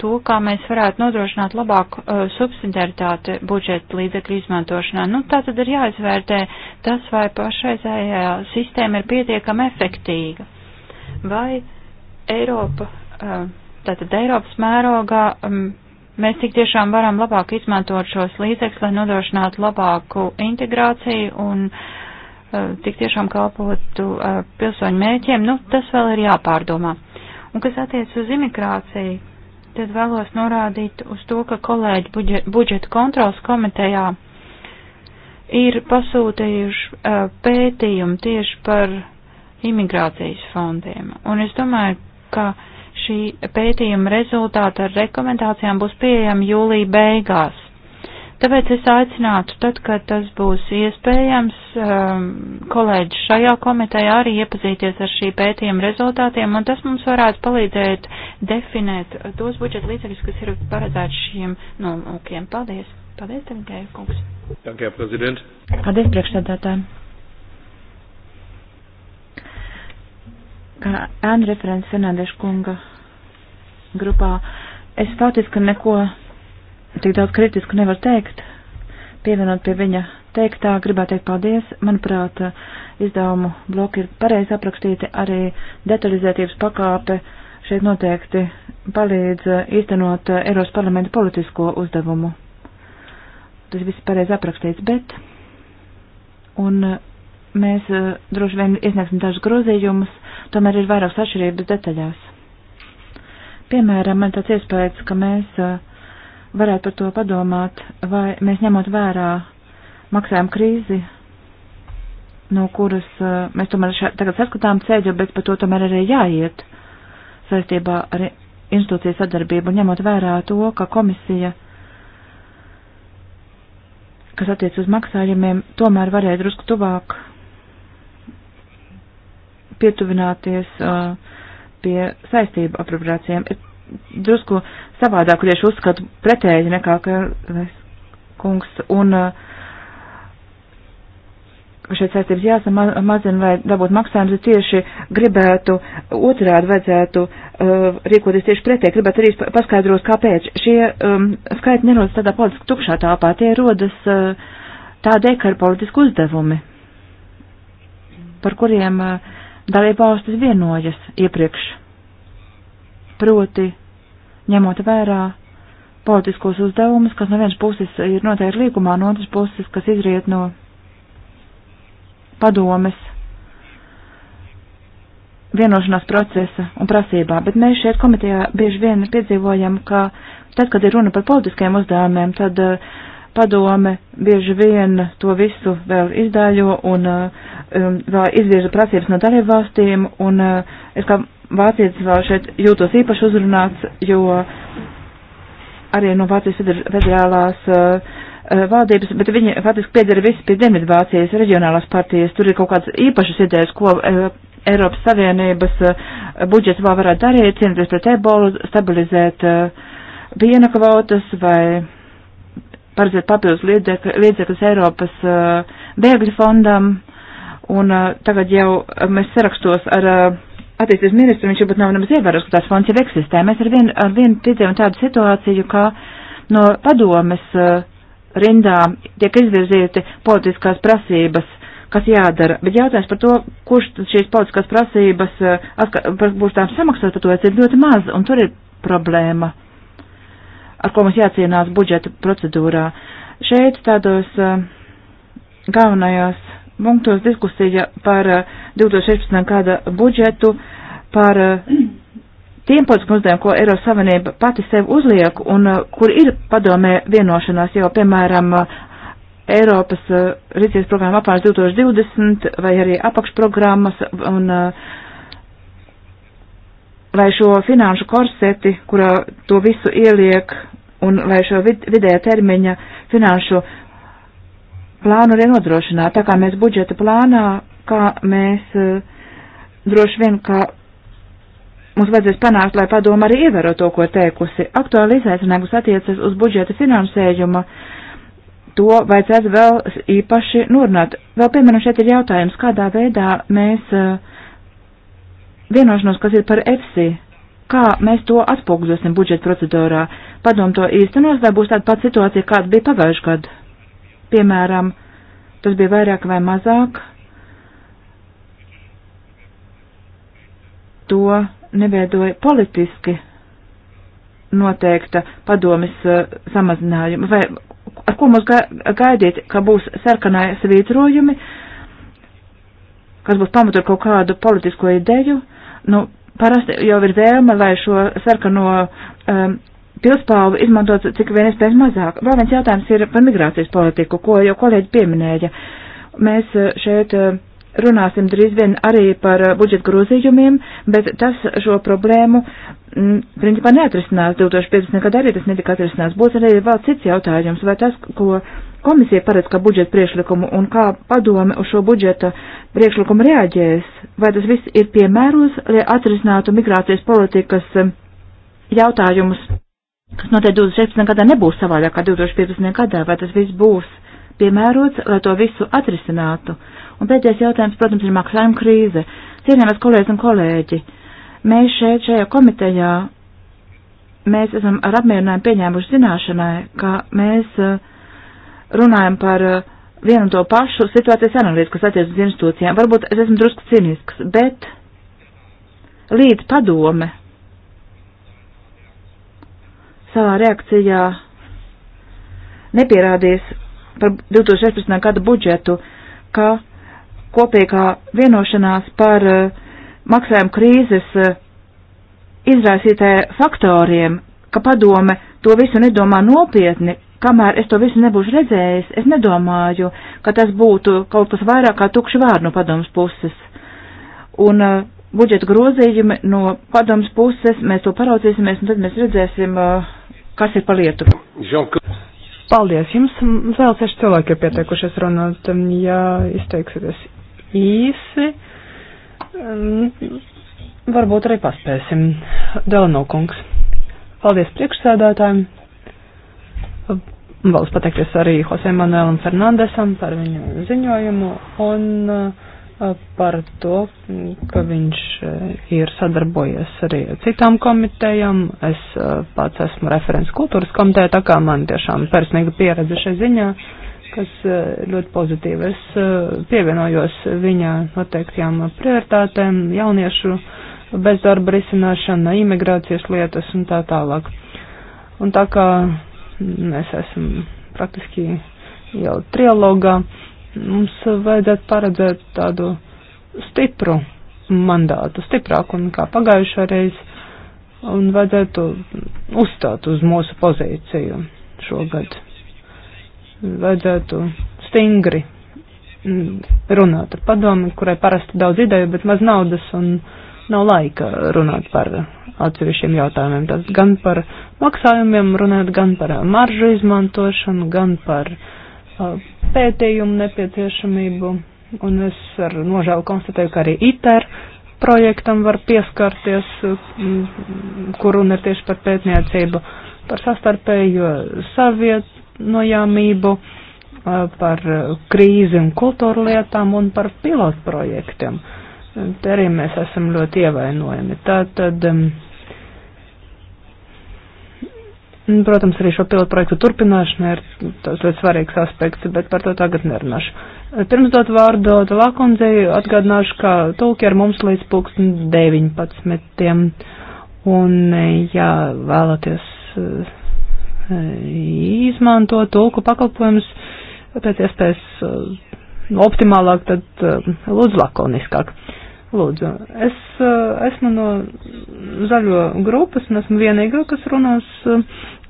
to, kā mēs varētu nodrošināt labāku uh, subsidiaritāti budžeta līdzekļu izmantošanā. Nu, tā tad ir jāizvērtē tas, vai pašreizējā sistēma ir pietiekami efektīga. Vai Eiropa, uh, tātad Eiropas mērogā um, mēs tik tiešām varam labāk izmantot šos līdzekļus, lai nodrošinātu labāku integrāciju un uh, tik tiešām kalpotu uh, pilsoņu mērķiem, nu, tas vēl ir jāpārdomā. Un kas attiec uz imigrāciju, tad vēlos norādīt uz to, ka kolēģi budžeta kontrols komitejā ir pasūtījuši eh, pētījumu tieši par imigrācijas fondiem. Un es domāju, ka šī pētījuma rezultāta ar rekomendācijām būs pieejama jūlija beigās. Tāpēc es aicinātu, tad, kad tas būs iespējams, um, kolēģi šajā komitejā arī iepazīties ar šī pētījuma rezultātiem, un tas mums varētu palīdzēt definēt tos budžeta līdzekļus, kas ir paredzēti šiem nolūkiem. Paldies! Paldies, Tankēja kungs! Tankēja prezident! Paldies, priekšsēdētāji! Kā ēna referents Fernandeša kunga grupā, es faktiski neko tik daudz kritisku nevar teikt. Pievienot pie viņa teiktā, gribētu teikt paldies. Manuprāt, izdevumu bloki ir pareizi aprakstīti, arī detalizētības pakāpe šeit noteikti palīdz īstenot Eiropas parlamenta politisko uzdevumu. Tas viss pareizi aprakstīts, bet. Un mēs eh, droši vien iesniegsim dažus grozījumus, tomēr ir vairākas atšķirības detaļās. Piemēram, man tāds iespējas, ka mēs uh, varētu par to padomāt, vai mēs ņemot vērā maksājumu krīzi, no kuras uh, mēs tomēr šā, tagad saskatām ceļu, bet par to tomēr arī jāiet saistībā ar institūciju sadarbību, ņemot vērā to, ka komisija, kas attiec uz maksājumiem, tomēr varēja drusku tuvāk pietuvināties uh, pie saistību apropriācijām. Ir drusku savādāk riešu uzskatu pretēji nekā kungs. Un uh, šeit saistības jāsamazina, lai dabūtu maksājumus, tieši gribētu otrādi vajadzētu uh, rīkoties tieši pretēji. Gribētu arī paskaidros, kāpēc. Šie um, skaiti nerodas tādā politiski tukšā tāpā, tie rodas uh, tādēļ, ka ir politiski uzdevumi, par kuriem uh, dalībvalstis vienojas iepriekš proti ņemot vērā politiskos uzdevumus, kas no vienas puses ir noteikti līgumā, no otras puses, kas izriet no padomes vienošanās procesa un prasībā, bet mēs šeit komitejā bieži vien piedzīvojam, ka tad, kad ir runa par politiskiem uzdevumiem, tad uh, padome bieži vien to visu vēl izdaļo un eh, um, vēl izvirza prasības no dalībvalstīm, un uh, es kā vācietis vēl šeit jūtos īpaši uzrunāts, jo arī no Vācijas federālās uh, uh, valdības, bet viņi faktiski piedara visi pie Dienvidvācijas reģionālās partijas. Tur ir kaut kāds īpašs idejas, ko uh, Eiropas Savienības uh, budžets vēl varētu darīt, cīnīties pret ebolu, stabilizēt uh, viena kvotas vai paredzēt papildus līdzekļus Eiropas uh, bēgļu fondam. Un tagad jau mēs sarakstos ar attīstības ministru, viņš varbūt nav nemaz ievērojis, ka tās fonds jau eksistē. Mēs ar vienu, ar vienu piedzīvojam tādu situāciju, kā no padomes eh, rindām tiek izvirzīti politiskās prasības, kas jādara. Bet jautājums par to, kurš šīs politiskās prasības eh, būs tām samaksāt, par to ir ļoti maz, un tur ir problēma, ar ko mums jācīnās budžeta procedūrā. Šeit tādos eh, galvenajos punktos diskusija par 2016. gada budžetu par eh, tiem politiskiem uzdevumiem, ko Eiropas Savienība pati sev uzliek un eh, kur ir padomē vienošanās jau, piemēram, eh, Eiropas rīcības programma apārs 2020 vai arī apakšprogrammas un lai šo finanšu korseti, kurā to visu ieliek un lai šo vid vidējā termiņa finanšu plānu arī nodrošināt, tā kā mēs budžeta plānā, kā mēs droši vien, kā mums vajadzēs panākt, lai padoma arī ievēro to, ko teikusi. Aktuāli izaicinājums attiecas uz budžeta finansējumu. To vajadzētu vēl īpaši norunāt. Vēl, piemēram, šeit ir jautājums, kādā veidā mēs eh, vienošanos, kas ir par EFSI, kā mēs to atspoguļosim budžeta procedūrā. Padom to īstenos, vai būs tāda pati situācija, kāda bija pagājušajā gadu. Piemēram, tas bija vairāk vai mazāk. To neveidoja politiski noteikta padomis uh, samazinājuma, vai ar ko mums gaidīt, ka būs sarkanai svītrojumi, kas būs pamatot ar kaut kādu politisko ideju. Nu, parasti jau ir vēlme, lai šo sarkano um, eh, pilspāvu izmantot cik vien iespējas mazāk. Vēl viens jautājums ir par migrācijas politiku, ko jau kolēģi pieminēja. Mēs eh, šeit uh, runāsim drīz vien arī par uh, budžeta grozījumiem, bet tas šo problēmu m, mm, principā neatrisinās 2015. gadā arī tas netika atrisināts. Būs arī vēl cits jautājums, vai tas, ko komisija paredz kā budžeta priekšlikumu un kā padome uz šo budžeta priekšlikumu reaģēs, vai tas viss ir piemēros, lai atrisinātu migrācijas politikas um, jautājumus, kas noteikti 2016. gadā nebūs savādāk kā 2015. gadā, vai tas viss būs piemērots, lai to visu atrisinātu. Uh, Un pēdējais jautājums, protams, ir maksājuma krīze. Cienījamies kolēģis un kolēģi, mēs šeit, šajā komitejā, mēs esam ar apmierinājumu pieņēmuši zināšanai, ka mēs eh, runājam par eh, vienu un to pašu situācijas analīzi, kas attiecas uz institūcijām. Varbūt es esmu drusku cinisks, bet līdz padome savā reakcijā nepierādījis par 2016. gada budžetu, ka kopīgā vienošanās par eh, maksājumu krīzes eh, izraisītē faktoriem, ka padome to visu nedomā nopietni, kamēr es to visu nebūšu redzējis, es nedomāju, ka tas būtu kaut kas vairāk kā tukši vārdu no padomas puses. Un uh, budžeta grozījumi no padomas puses, mēs to paraudzīsimies, un tad mēs redzēsim, uh, kas ir pa lietu. Paldies, jums vēl seši cilvēki ir pieteikušies runāt, ja izteiksieties īsi. Ehm, varbūt arī paspēsim. Delano kungs. Paldies priekšsēdētājiem. Vēlos pateikties arī Jose Manuēlam Fernandesam par viņu ziņojumu un eh, par to, ka viņš eh, ir sadarbojies arī citām komitejām. Es eh, pats esmu referents kultūras komitejā, tā kā man tiešām personīga pieredze šai ziņā. Uh, kas eh, ļoti pozitīvi. Es eh, pievienojos viņa noteiktajām prioritātēm, jauniešu bezdarba risināšana, imigrācijas lietas un tā tālāk. Un tā kā mēs esam praktiski jau trilogā, mums vajadzētu paredzēt tādu stipru mandātu, stiprāku nekā pagājušā reize, un vajadzētu uzstāt uz mūsu pozīciju šogad vajadzētu stingri mm, runāt ar padomi, kurai parasti daudz ideju, bet maz naudas un nav laika runāt par atsevišķiem jautājumiem. Tas gan par maksājumiem runāt, gan par maržu izmantošanu, gan par uh, pētījumu nepieciešamību. Un es ar nožēlu konstatēju, ka arī ITER projektam var pieskarties, mm, kur runa ir tieši par pētniecību, par sastarpēju saviet, īstenojamību, par krīzi un kultūru lietām un par pilotu projektiem. Te arī mēs esam ļoti ievainojami. Tātad, protams, arī šo pilotu projektu turpināšana ir ļoti svarīgs aspekts, bet par to tagad nerunāšu. Pirms dot vārdu Lakundzei, atgādināšu, ka tulki ar mums līdz pulksten 19. Un, ja vēlaties izmanto tulku pakalpojumus pēc iespējas uh, optimālāk, tad uh, lūdzu lakoniskāk. Lūdzu, es uh, esmu no zaļo grupas un esmu vienīgā, kas runās,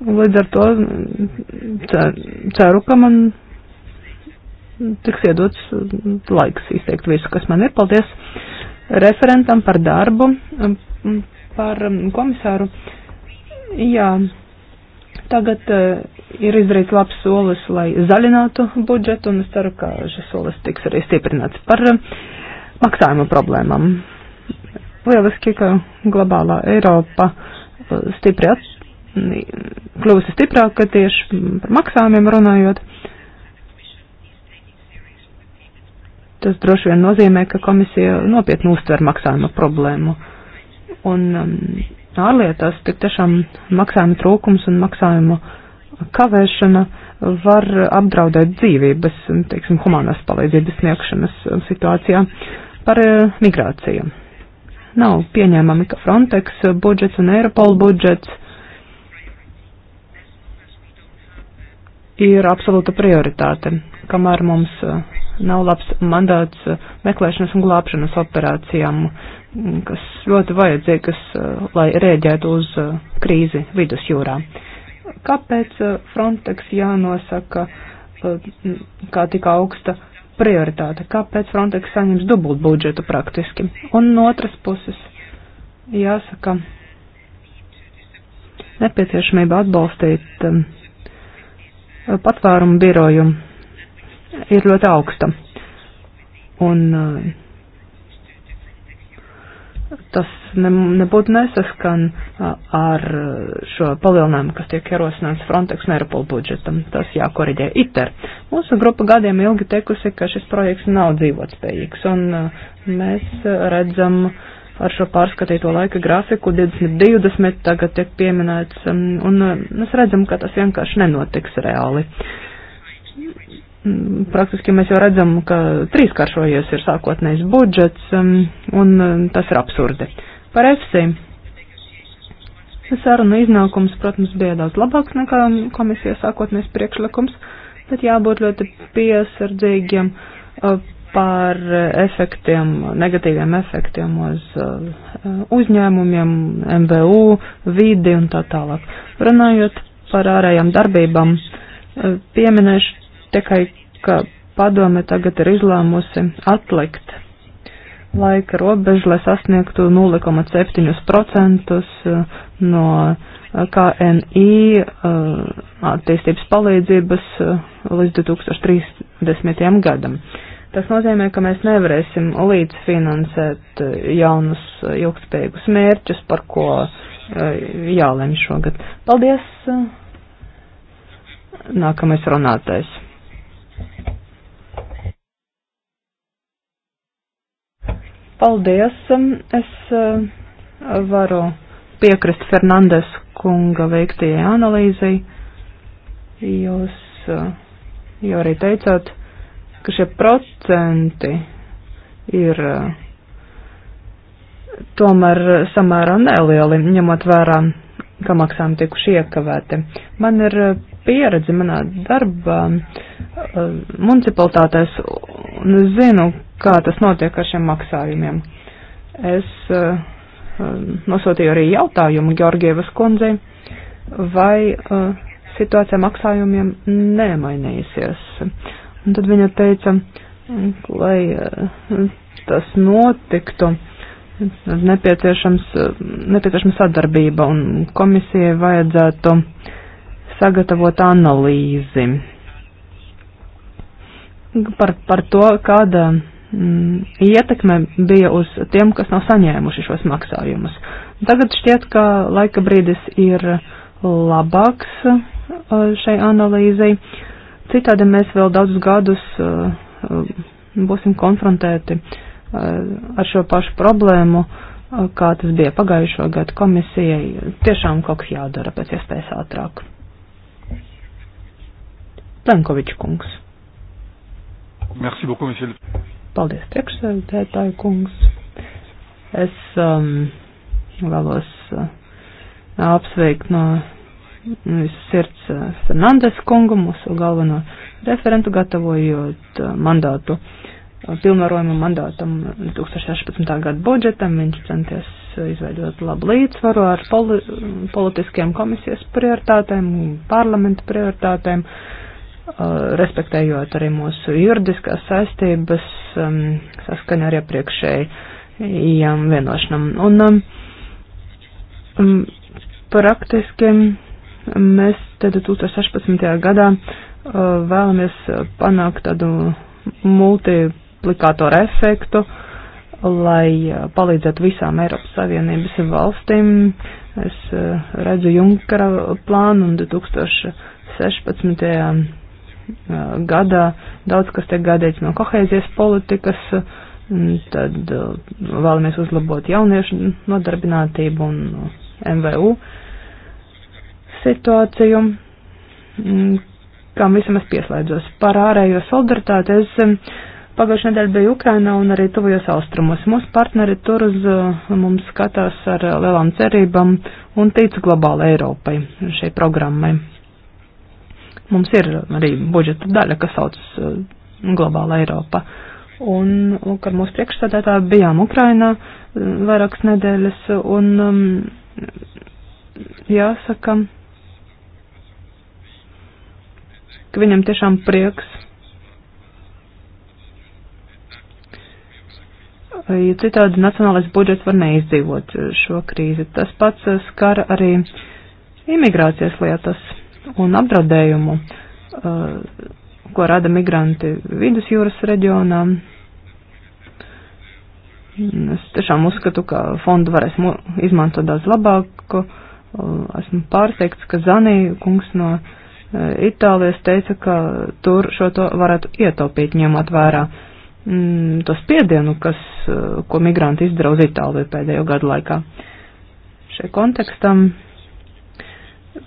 līdz ar to mm, ceru, ka man tiks iedots laiks izteikt visu, kas man ir. Paldies referentam par darbu, um, par um, komisāru. Jā. Tagad eh, ir izdarīts labs solis, lai zaļinātu budžetu, un es ceru, ka šis solis tiks arī stiprināts par eh, maksājumu problēmām. Lieliski, ka globālā Eiropa eh, stipri at, kļūst stiprāka tieši par maksājumiem runājot. Tas droši vien nozīmē, ka komisija nopietni uztver maksājuma problēmu. Un, um, ārlietās, tik tiešām maksājuma trūkums un maksājuma kavēšana var apdraudēt dzīvības, teiksim, humanās palīdzības sniegšanas situācijā par e, migrāciju. Nav pieņēmami, ka Frontex budžets un Eiropola budžets ir absolūta prioritāte, kamēr mums e, nav labs mandāts meklēšanas un glābšanas operācijām Mm, kas ļoti vajadzīgas, eh, lai rēģētu uz eh, krīzi vidusjūrā. Kāpēc eh, Frontex jānosaka kā tik augsta prioritāte? Kāpēc Frontex saņems dubult budžetu praktiski? Un no otras puses jāsaka nepieciešamība atbalstīt patvērumu biroju ir ļoti augsta. Un uh, tas ne, nebūtu nesaskan ar šo palielinājumu, kas tiek ierosināts Frontex un Eiropol budžetam. Tas jākoriģē ITER. Mūsu grupa gadiem ilgi teikusi, ka šis projekts nav dzīvotspējīgs, un mēs redzam ar šo pārskatīto laika grafiku 2020 tagad tiek pieminēts, un mēs redzam, ka tas vienkārši nenotiks reāli. Uh, Mm, praktiski mēs jau redzam, ka trīskāršojies ir sākotnējs budžets, um, un um, tas ir absurdi. Par EFSI. Sarunu iznākums, protams, bija daudz labāks nekā komisijas sākotnējs priekšlikums, bet jābūt ļoti piesardzīgiem uh, par efektiem, negatīviem efektiem uz uh, uzņēmumiem, MVU, vidi un tā tālāk. Runājot par ārējām darbībām, uh, pieminēšu tikai, ka padome tagad ir izlēmusi atlikt laika robežu, lai sasniegtu 0,7% eh, no eh, KNI eh, attīstības palīdzības līdz 2030. gadam. Tas nozīmē, ka mēs nevarēsim līdzfinansēt jaunus ilgspējīgus mērķus, par ko jālem šogad. Paldies! Nākamais runātais. Paldies. Um, es uh, varu piekrist Fernandes kunga veiktajai analīzei. Jūs uh, jau arī teicāt, ka šie procenti ir uh, tomēr samērā nelieli, ņemot vērā, ka maksām tikuši iekavēti. Man ir pieredzi manā darbā eh, municipalitātēs un es zinu, kā tas notiek ar šiem maksājumiem. Es eh, nosūtīju arī jautājumu Georgievas kundzei, vai eh, situācija maksājumiem nemainīsies. Un tad viņa teica, lai tas notiktu nepieciešams, nepieciešama sadarbība un komisijai vajadzētu sagatavot analīzi par, par to, kāda mm, ietekme bija uz tiem, kas nav saņēmuši šos maksājumus. Tagad šķiet, ka laika brīdis ir labāks uh, šai analīzei. Citādi mēs vēl daudzus gadus uh, uh, būsim konfrontēti ar šo pašu problēmu, kā tas bija pagājušo gadu komisijai. Tiešām kaut kas jādara pēc iespējas ātrāk. Plenkoviča kungs. Merci beaucoup, monsieur. Paldies, priekšsēdētāju kungs. Es um, vēlos uh, apsveikt no visas sirds uh, Fernandes kungu, mūsu galveno referentu, gatavojot uh, mandātu, uh, pilnvarojuma mandātam 2016. gada budžetam. Viņš centies uh, izveidot labu līdzsvaru ar poli politiskiem komisijas prioritātēm, parlamenta prioritātēm. Uh, respektējot arī mūsu juridiskās saistības um, saskaņā ar iepriekšējām vienošanām. Un um, um praktiski um, mēs te 2016. gadā uh, vēlamies panākt tādu multiplikātoru efektu, lai palīdzētu visām Eiropas Savienības valstīm. Es uh, redzu Junkara plānu un 2016 gadā. Daudz kas tiek gaidīts no kohēzijas politikas, tad vēlamies uzlabot jauniešu nodarbinātību un MVU situāciju, kam visam es pieslēdzos. Par ārējo solidaritāti es pagājušajā nedēļā biju Ukrainā un arī tuvajos austrumos. Mūsu partneri tur uz mums skatās ar lielām cerībām un tic globāla Eiropai šai programmai. Mums ir arī budžeta daļa, kas saucas uh, Globāla Eiropa. Un, un kad mūsu priekšstādētā bijām Ukrainā uh, vairākas nedēļas, un um, jāsaka, ka viņam tiešām prieks. Ja citādi nacionālais budžets var neizdzīvot uh, šo krīzi. Tas pats skar arī imigrācijas lietas un apdraudējumu, uh, ko rada migranti vidusjūras reģionā. Es tiešām uzskatu, ka fondu varēs izmantot daudz labāk. Uh, esmu pārsteigts, ka Zanī kungs no uh, Itālijas teica, ka tur šo to varētu ietaupīt, ņemot vērā mm, to spiedienu, kas, ko migranti izdara uz Itāliju pēdējo gadu laikā. Šai kontekstam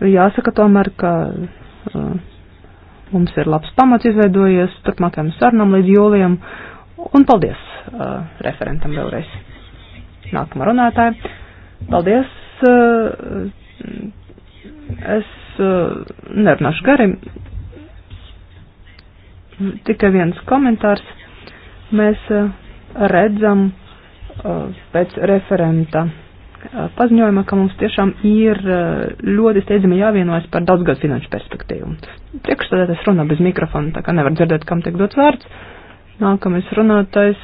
Jāsaka tomēr, ka uh, mums ir labs pamats izveidojies turpmākajam sarunam līdz jūlijam. Un paldies uh, referentam vēlreiz. Nākamā runātāja. Paldies. Uh, es uh, nerunāšu gari. Tikai viens komentārs. Mēs uh, redzam uh, pēc referenta paziņojuma, ka mums tiešām ir ļoti steidzami jāvienojas par daudzgadu finanšu perspektīvu. Priekšstādātais runā bez mikrofona, tā kā nevar dzirdēt, kam tiek dots vārds. Nākamais runātais,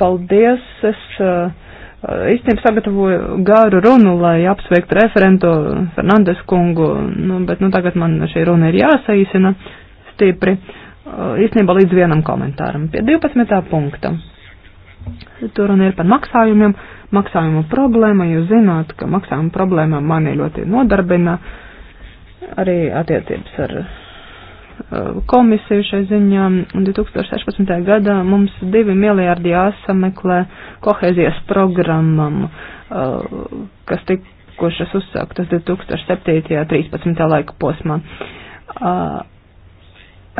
paldies, es īstenībā sagatavoju garu runu, lai apsveiktu referentu Fernandes kungu, nu, bet nu, tagad man šī runa ir jāsaīsina stipri, īstenībā līdz vienam komentāram, pie 12. punkta Tur un ir par maksājumiem, maksājumu problēma. Jūs zināt, ka maksājumu problēma mani ļoti nodarbina. Arī attiecības ar uh, komisiju šai ziņā. 2016. gadā mums divi miljārdi jāsameklē kohēzijas programmam, uh, kas tikušas uzsāktas 2007. 13. laika posmā. Uh,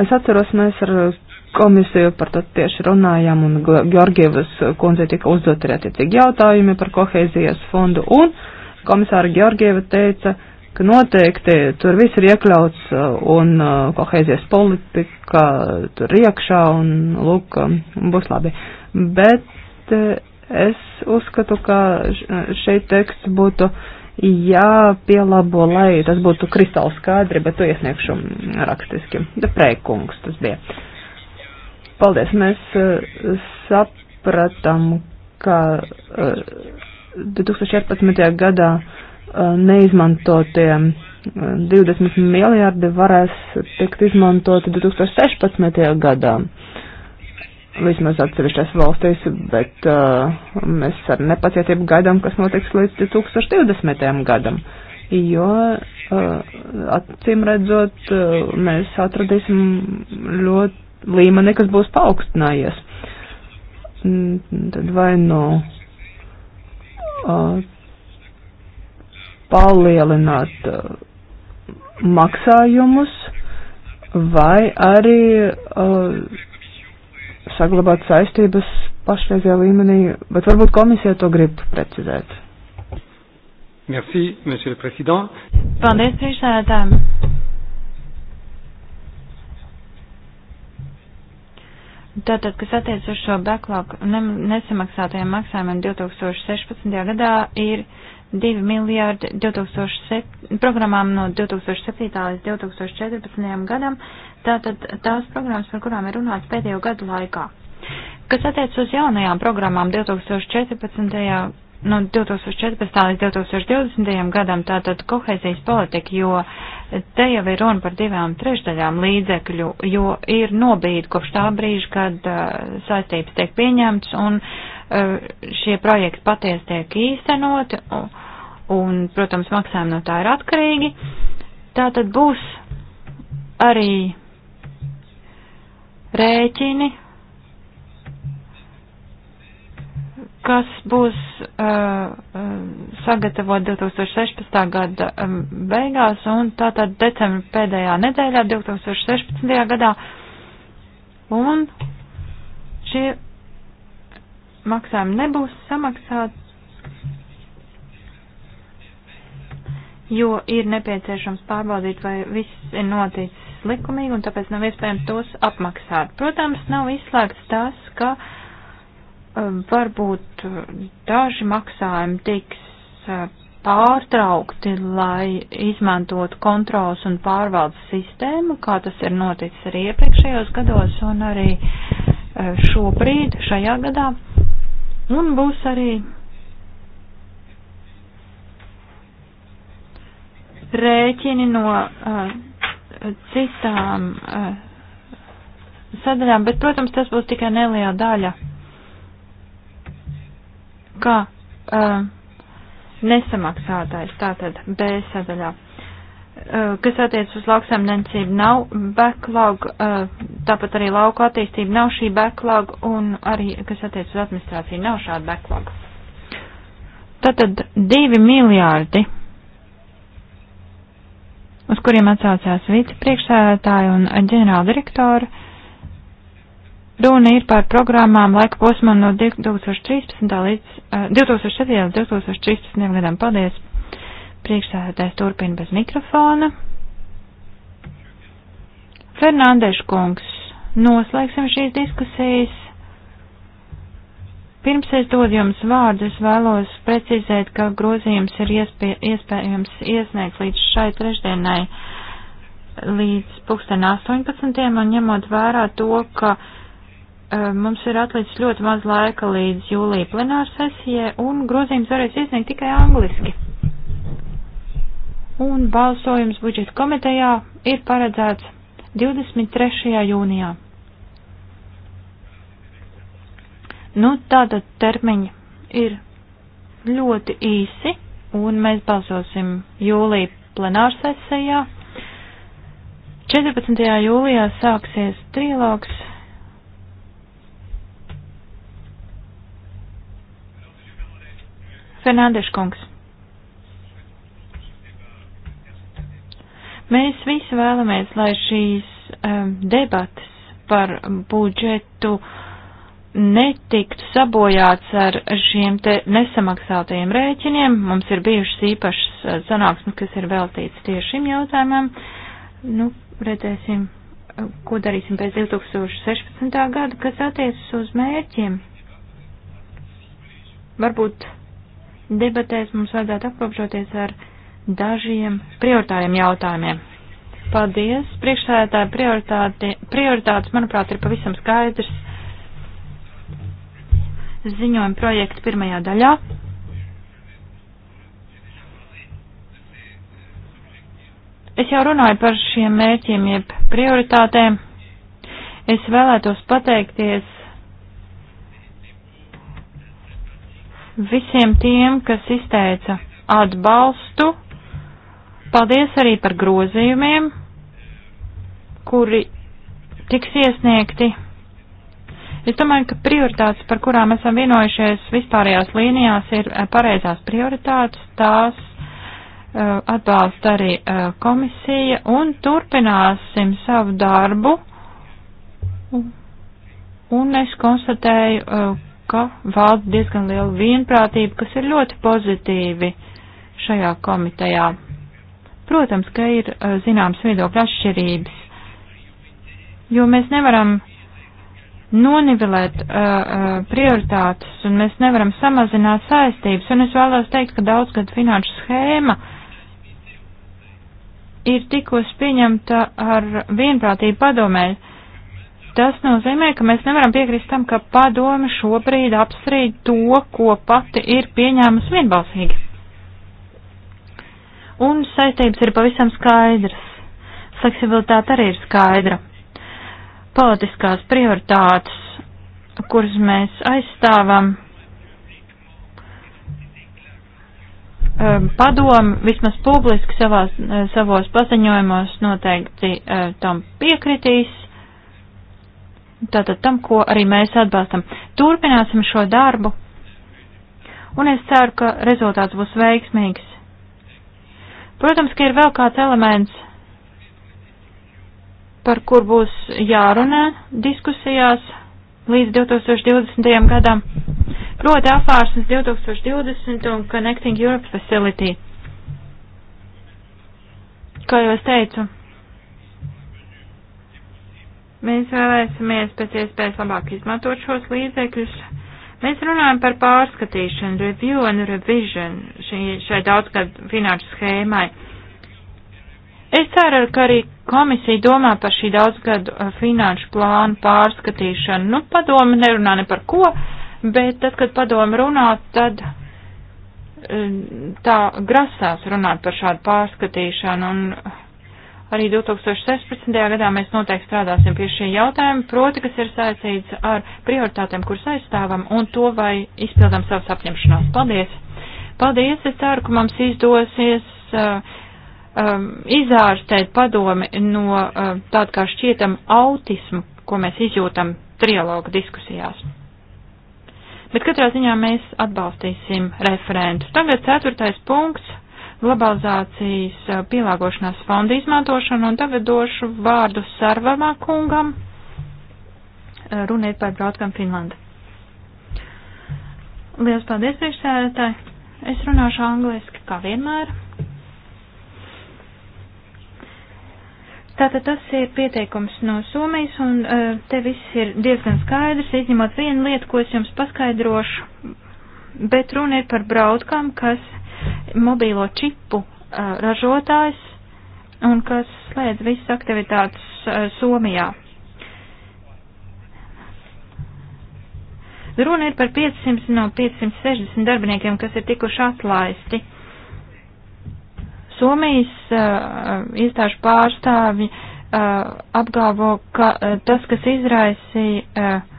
es atceros, mēs ar komisiju, par to tieši runājām, un Georgievas kundze tika uzdot arī attiecīgi jautājumi par kohēzijas fondu, un komisāra Georgieva teica, ka noteikti tur viss ir iekļauts, uh, un uh, kohēzijas politika tur iekšā, un lūk, um, būs labi. Bet uh, es uzskatu, ka šeit teksts būtu jāpielabo, lai tas būtu kristāli skaidri, bet to iesniegšu um, rakstiski. Deprēkungs tas bija. Uh, Paldies, mēs eh, sapratam, ka 2014. Eh, gadā eh, neizmantotie 20 miljardi varēs tikt izmantoti 2016. gadā. Vismaz atsevišķās valstīs, bet uh, mēs ar nepacietību gaidām, kas notiks līdz 2020. gadam. Jo uh, acīm redzot, uh, mēs atradīsim ļoti līmenī, kas būs paaugstinājies. Mm, tad vai nu uh, palielināt uh, maksājumus, vai arī uh, saglabāt saistības pašreizajā līmenī, bet varbūt komisija to grib precizēt. Merci, monsieur le président. Paldies, priekšsēdētājiem. Tātad, kas attiec uz šo backlog ne, nesamaksātajiem maksājumiem 2016. gadā, ir 2 miljārdi 2007, programmām no 2007. līdz 2014. gadam. Tātad tās programmas, par kurām ir runāts pēdējo gadu laikā. Kas attiec uz jaunajām programmām 2014 no nu, 2014. līdz 2020. gadam tātad kohēzijas politika, jo te jau ir runa par divām trešdaļām līdzekļu, jo ir nobīdi kopš tā brīža, kad uh, saistības tiek pieņemts un uh, šie projekti patiesi tiek īstenoti un, un, protams, maksājumi no tā ir atkarīgi. Tātad būs arī rēķini kas būs uh, uh sagatavot 2016. gada um, beigās un tātad decembra pēdējā nedēļā 2016. gadā. Un šie maksājumi nebūs samaksāti, jo ir nepieciešams pārbaudīt, vai viss ir noticis likumīgi un tāpēc nav iespējams tos apmaksāt. Protams, nav izslēgts tas, ka uh, Um, varbūt uh, daži maksājumi tiks uh, pārtraukti, lai izmantotu kontrols un pārvaldes sistēmu, kā tas ir noticis arī iepriekšējos gados un arī uh, šobrīd, šajā gadā. Un būs arī rēķini no uh, citām uh, sadaļām, bet, protams, tas būs tikai neliela daļa kā uh, nesamaksātājs, tātad B sadaļā. Uh, kas attiec uz lauksaimniecību, nav backlog, uh, tāpat arī lauku attīstība nav šī backlog, un arī, kas attiec uz administrāciju, nav šāda backlog. Tātad divi miljārdi, uz kuriem atsaucās vicepriekšsēdētāji un ģenerāldirektori, Runa ir par programmām laika posmā no 2013. līdz uh, eh, 2007. līdz 2013. gadam. Paldies! Priekšsēdētājs turpina bez mikrofona. Fernandeša kungs, noslēgsim šīs diskusijas. Pirms es dodu jums vārdu, es vēlos precizēt, ka grozījums ir iespēj, iespējams iesniegt līdz šai trešdienai līdz pulksten 18. un ņemot vērā to, ka uh, mums ir atlicis ļoti maz laika līdz jūlija plenāra sesijai, un grozījums varēs iesniegt tikai angliski. Un balsojums budžeta komitejā ir paredzēts 23. jūnijā. Nu, tātad termiņi ir ļoti īsi, un mēs balsosim jūlija plenāra sesijā. 14. jūlijā sāksies trilogs Fernandeša kungs. Mēs visi vēlamies, lai šīs um, debatas par budžetu netiktu sabojāts ar šiem te nesamaksātajiem rēķiniem. Mums ir bijušas īpašas uh, sanāksmes, kas ir veltīts tieši šim jautājumam. Nu, redzēsim, uh, ko darīsim pēc 2016. gada, kas attiecas uz mērķiem. Varbūt debatēs mums vajadzētu aprobežoties ar dažiem prioritāriem jautājumiem. Paldies. Priekšsēdētāji prioritātes, manuprāt, ir pavisam skaidrs. Ziņojuma projekta pirmajā daļā. Es jau runāju par šiem mērķiem, jeb prioritātēm. Es vēlētos pateikties visiem tiem, kas izteica atbalstu. Paldies arī par grozījumiem, kuri tiks iesniegti. Es domāju, ka prioritātes, par kurām esam vienojušies vispārējās līnijās, ir eh, pareizās prioritātes. Tās uh, atbalsta arī uh, komisija un turpināsim savu darbu. Un es konstatēju, uh, ka valda diezgan liela vienprātība, kas ir ļoti pozitīvi šajā komitejā. Protams, ka ir zināms viedokļu atšķirības, jo mēs nevaram nonivelēt uh, uh, prioritātes un mēs nevaram samazināt saistības. Un es vēlos teikt, ka daudzgad finanšu schēma ir tikos pieņemta ar vienprātību padomēju. Tas nozīmē, ka mēs nevaram piekrist tam, ka padome šobrīd apstrīd to, ko pati ir pieņēmusi vienbalsīgi. Un saistības ir pavisam skaidras. Fleksibilitāte arī ir skaidra. Politiskās prioritātes, kuras mēs aizstāvam, um, padomu vismaz publiski savās, eh, savos paziņojumos noteikti eh, tam piekritīs tātad tam, ko arī mēs atbalstam. Turpināsim šo darbu, un es ceru, ka rezultāts būs veiksmīgs. Protams, ka ir vēl kāds elements, par kur būs jārunā diskusijās līdz 2020. gadam, proti apvārsnes 2020 un Connecting Europe Facility. Kā jau es teicu, Mēs vēlēsimies pēc iespējas labāk izmantot šos līdzekļus. Mēs runājam par pārskatīšanu, review and revision šī, šai daudzgad finanšu schēmai. Es ceru, ka arī komisija domā par šī daudzgadu uh, finanšu plānu pārskatīšanu. Nu, padomu nerunā ne par ko, bet tad, kad padomu runā, tad um, tā grasās runāt par šādu pārskatīšanu un Arī 2016. gadā mēs noteikti strādāsim pie šī jautājuma, proti, kas ir saistīts ar prioritātēm, kuras aizstāvam, un to, vai izpildām savas apņemšanās. Paldies! Paldies! Es ceru, ka mums izdosies uh, um, izārstēt padomi no uh, tāda kā šķietam autismu, ko mēs izjūtam trialoga diskusijās. Bet katrā ziņā mēs atbalstīsim referentu. Tagad ceturtais punkts globalizācijas pielāgošanās fonda izmantošanu, un tagad došu vārdu Sarvamā kungam. Runiet par Broadcom Finlandu. Lielas paldies, priekšsēdētāji. Es runāšu angliski, kā vienmēr. Tātad tas ir pieteikums no Somijas, un te viss ir diezgan skaidrs, izņemot vienu lietu, ko es jums paskaidrošu. Bet runa ir par braudkām, kas mobīlo čipu uh, ražotājs un kas slēdz visas aktivitātes uh, Somijā. Runa ir par 500 no 560 darbiniekiem, kas ir tikuši atlaisti. Somijas uh, uh, iestāžu pārstāvi uh, apgalvo, ka uh, tas, kas izraisīja uh,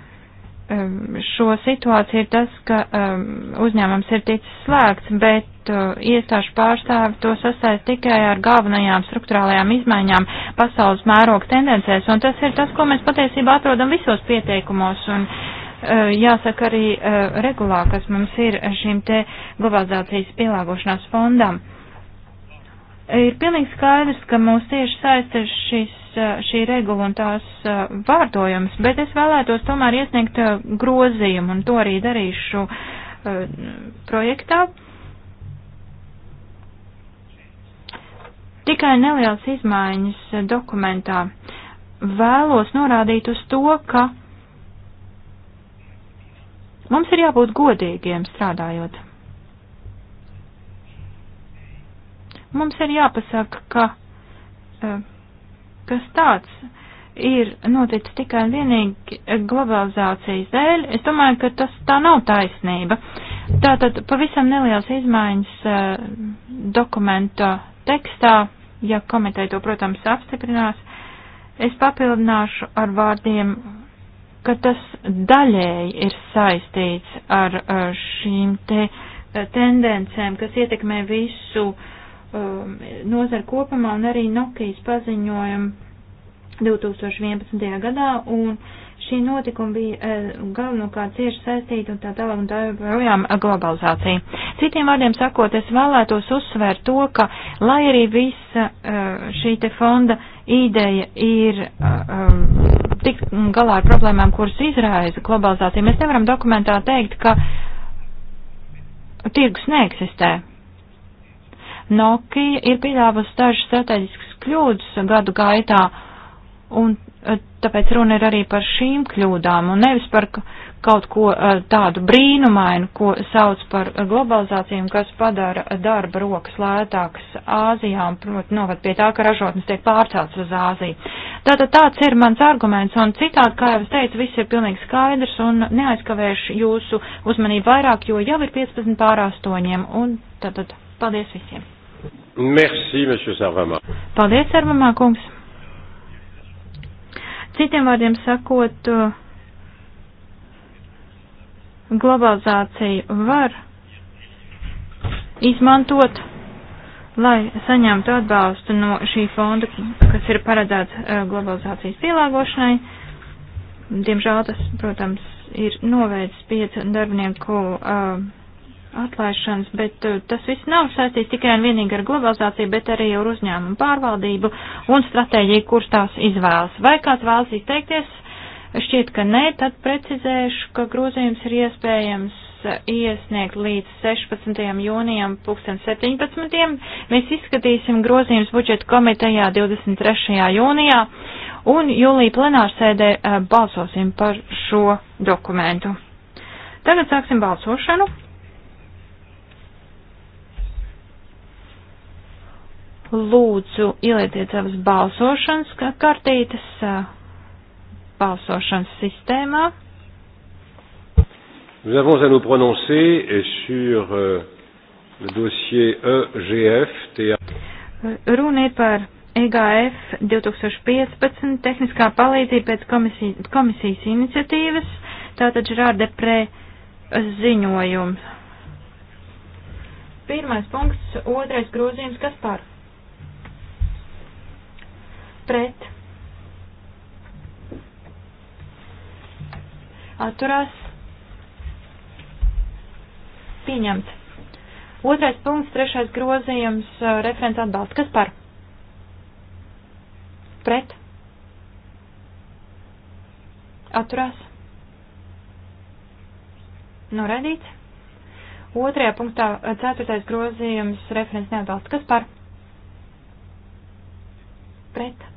šo situāciju ir tas, ka um, uzņēmums ir ticis slēgts, bet uh, iestāžu pārstāvi to sasaist tikai ar galvenajām struktūrālajām izmaiņām pasaules mēroga tendencēs, un tas ir tas, ko mēs patiesībā atrodam visos pieteikumos, un uh, jāsaka arī uh, regulā, kas mums ir šim te globalizācijas pielāgošanās fondam. Ir pilnīgi skaidrs, ka mūs tieši saista šis Eh, šī regula un tās eh, vārdojums, bet es vēlētos tomēr iesniegt eh, grozījumu, un to arī darīšu projektā. Tikai nelielas izmaiņas dokumentā. Vēlos norādīt uz to, ka mums ir jābūt godīgiem strādājot. Mums ir jāpasaka, ka kas tāds ir noticis tikai un vienīgi globalizācijas dēļ, es domāju, ka tas tā nav taisnība. Tātad pavisam nelielas izmaiņas uh, dokumenta tekstā, ja komiteja to, protams, apstiprinās, es papildināšu ar vārdiem, ka tas daļēji ir saistīts ar uh, šīm te eh, tendencēm, kas ietekmē visu uh, um, nozara kopumā un arī Nokijas paziņojumu 2011. gadā, un šī notikuma bija e, galvenokārt cieši saistīta un tā tālāk un tā joprojām globalizācija. Citiem vārdiem sakot, es vēlētos uzsvērt to, ka lai arī visa e, šī te fonda ideja ir e, tik galā ar problēmām, kuras izraisa globalizācija, mēs nevaram dokumentā teikt, ka tirgus neeksistē. Nokia ir pieļāvusi dažas strateģiskas kļūdas gadu gaitā, un eh, tāpēc runa ir arī par šīm kļūdām, un nevis par kaut ko eh, tādu brīnumainu, ko sauc par globalizāciju, kas padara darba rokas lētākas Āzijā, un, protams, novad pie tā, ka ražotnes tiek pārceltas uz Āziju. Tātad tāds ir mans arguments, un citādi, kā jau es teicu, viss ir pilnīgi skaidrs, un neaizkavēšu jūsu uzmanību vairāk, jo jau ir 15 pār 8, un tātad paldies visiem! Merci, monsieur Sarvamā. Paldies, Sarvamā kungs. Citiem vārdiem sakot, globalizāciju var izmantot, lai saņemtu atbalstu no šī fonda, kas ir paredzēts eh, globalizācijas pielāgošanai. Diemžēl tas, protams, ir novērts pie darbinieku uh, atlaišanas, bet uh, tas viss nav saistīts tikai un vienīgi ar globalizāciju, bet arī ar uzņēmumu pārvaldību un stratēģiju, kurš tās izvēlas. Vai kāds vēlas izteikties? Šķiet, ka nē, tad precizēšu, ka grozījums ir iespējams uh, iesniegt līdz 16. jūnijam 2017. Mēs izskatīsim grozījums budžeta komitejā 23. jūnijā un jūlija plenārsēdē uh, balsosim par šo dokumentu. Tagad sāksim balsošanu. Lūdzu, ielieciet savas balsošanas kartītes balsošanas sistēmā. Nous avons à nous prononcer sur euh, le dossier EGF. TA. Runa ir par EGF 2015 tehniskā palīdzība pēc komisijas, komisijas iniciatīvas, tātad Žrārde Prē ziņojums. Pirmais punkts, otrais grozījums, kas par? pret atturās pieņemt. Otrais punkts, trešais grozījums, uh, referents atbalsts. Kas par? Pret? Atturās? Noraidīts? Otrajā punktā, uh, ceturtais grozījums, referents neatbalsts. Kas par? pret,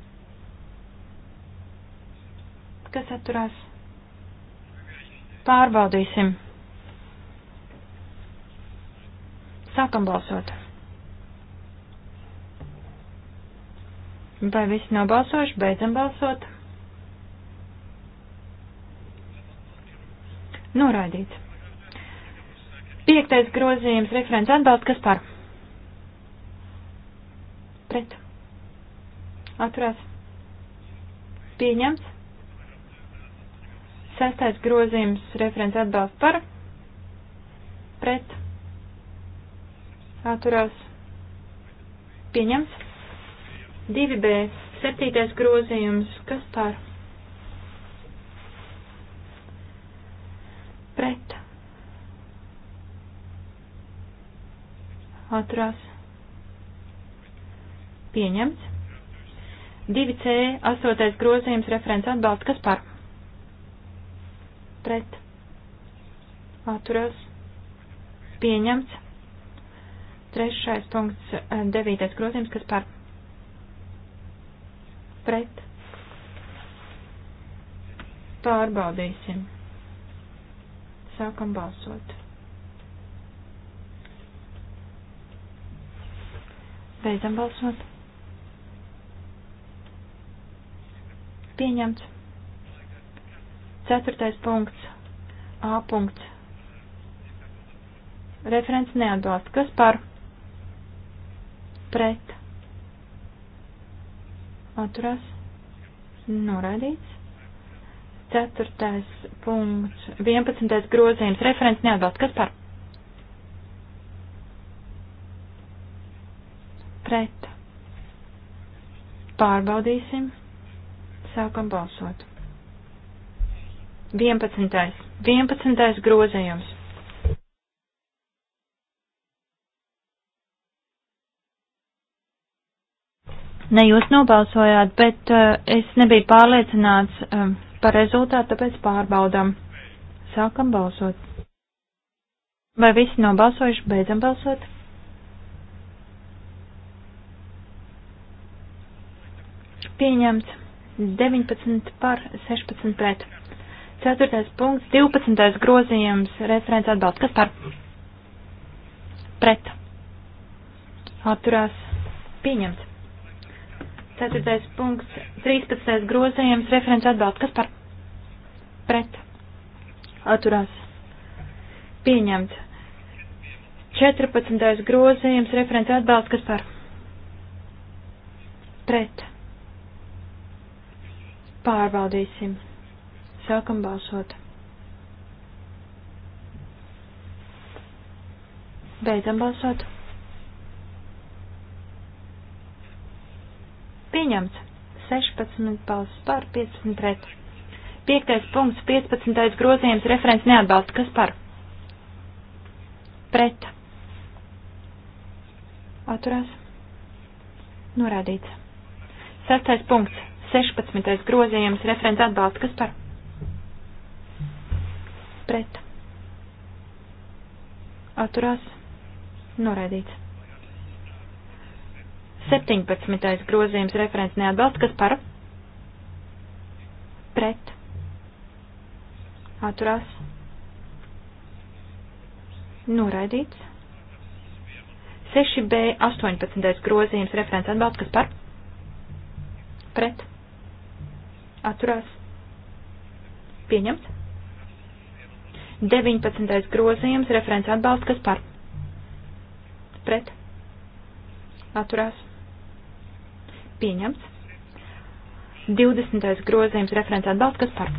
kas atturās. Pārbaudīsim. Sākam balsot. Vai visi nav balsojuši? Beidzam balsot. Noraidīts. Piektais grozījums referents atbalsts, kas par? Pret atturās pieņemts. Sestais grozījums referents atbalsts par, pret, atturās pieņemts. 2B, septītais grozījums, kas par, pret, atturās pieņemts. 2C, 8. grozījums, referents atbalsts, kas par? Pret. Atturās. Pieņemts. Trešais punkts, 9. Eh, grozījums, kas par? Pret. Pārbaudīsim. Sākam balsot. Beidzam balsot. Pieņemts. Ceturtais punkts. A punkts. Referents neatbalsta. Kas par? Pret. Atturās. Noraidīts. Ceturtais punkts. Vienpadsmitais grozījums. Referents neatbalsta. Kas par? Pret. Pārbaudīsim. Sākam balsot. 11. 11. grozījums. Ne jūs nobalsojāt, bet uh, es nebiju pārliecināts uh, par rezultātu, tāpēc pārbaudām. Sākam balsot. Vai visi nobalsojuši, beidzam balsot? Pieņemts. 19 par 16 pret. 4. punkts, 12. grozījums, referents atbalsts. Kas par? Pret. Atturās. Pieņemts. 4. punkts, 13. grozījums, referents atbalsts. Kas par? Pret. Atturās. Pieņemts. 14. grozījums, referents atbalsts. Kas par? Pret Pārbaudīsim. Sākam balsot. Beidzam balsot. Pieņemts. 16 balsis par, 15 pret. 5. punkts, 15. grozījums, referents neatbalsta. Kas par? Pret. Atturās. Norādīts. 6. punkts, 16. grozījums referents atbalsta. Kas par? Pret. Atturās. Noraidīts. 17. grozījums referents neatbalsta. Kas par? Pret. Atturās. Noraidīts. 6b 18. grozījums referents atbalsta. Kas par? Pret atturās pieņemts. 19. grozījums, referents atbalsts, kas par? Pret. Atturās. Pieņemts. 20. grozījums, referents atbalsts, kas par?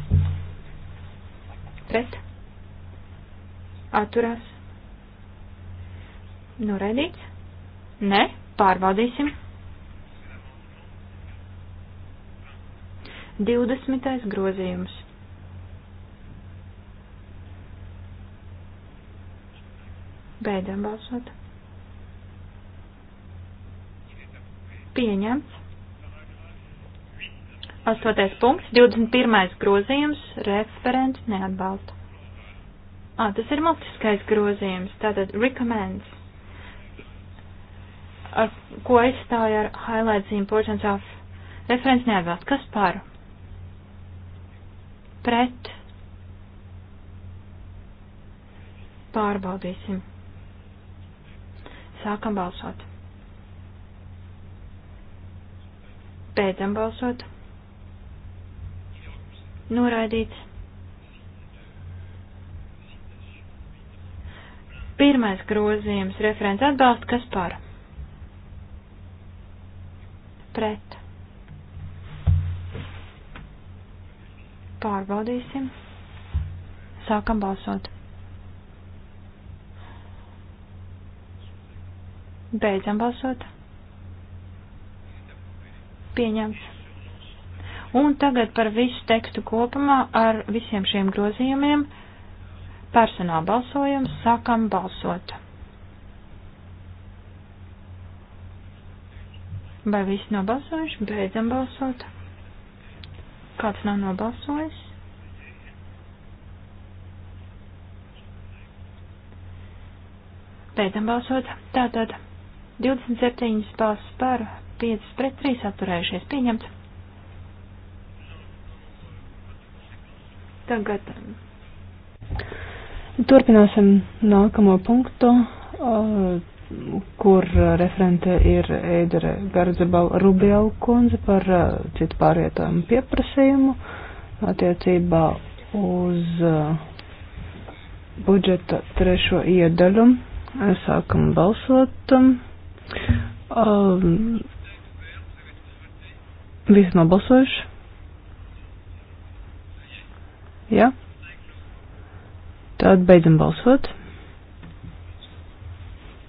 Pret. Atturās. Noraidīts. Nē, pārbaudīsim. 20. grozījums. Beidzam balsot. Pieņemts. 8. punkts, 21. grozījums, referents neatbalsta. Ā, tas ir multiskais grozījums, tātad recommends, ar ko aizstāja ar highlights importance of. Referents neatbalsta. Kas par? pret. Pārbaudīsim. Sākam balsot. Beidzam balsot. Noraidīts. Pirmais grozījums referents atbalsta, kas par? Pret Pārbaudīsim. Sākam balsot. Beidzam balsot. Pieņemts. Un tagad par visu tekstu kopumā ar visiem šiem grozījumiem personāla balsojums sākam balsot. Vai visi nobalsojuši? Beidzam balsot. Kāds nav nobalsojis? Beidzam balsot. Tātad 27 balsis par, 5 pret 3 atturējušies pieņemts. Tagad turpināsim nākamo punktu. Uh, kur uh, referente ir Eidere Gardzabala Rubiela kundze par uh, citu pārvietojumu pieprasījumu attiecībā uz uh, budžeta trešo iedaļu. Sākam balsot. Um, visi nobalsojuši? Jā. Ja? Tad beidzam balsot.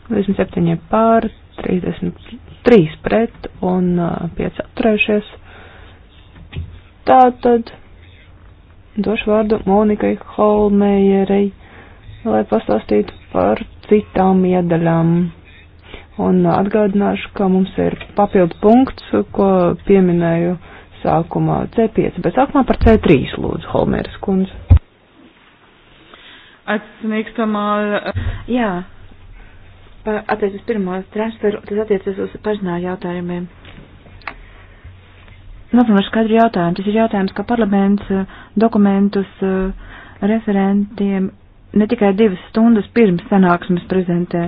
27 pār, 33 pret un 5 atturējušies. Tātad došu vārdu Monikai Holmējerei, lai pastāstītu par citām iedaļām. Un atgādināšu, ka mums ir papildu punkts, ko pieminēju sākumā C5, bet sākumā par C3 lūdzu, Holmēras kundze. Zunächst einmal, ja, attiecas pirmo transferu, tas attiecas uz pažināju jautājumiem. Noformulēšu skaidru jautājumu. Tas ir jautājums, ka parlaments eh, dokumentus eh, referentiem ne tikai divas stundas pirms sanāksmes prezentē.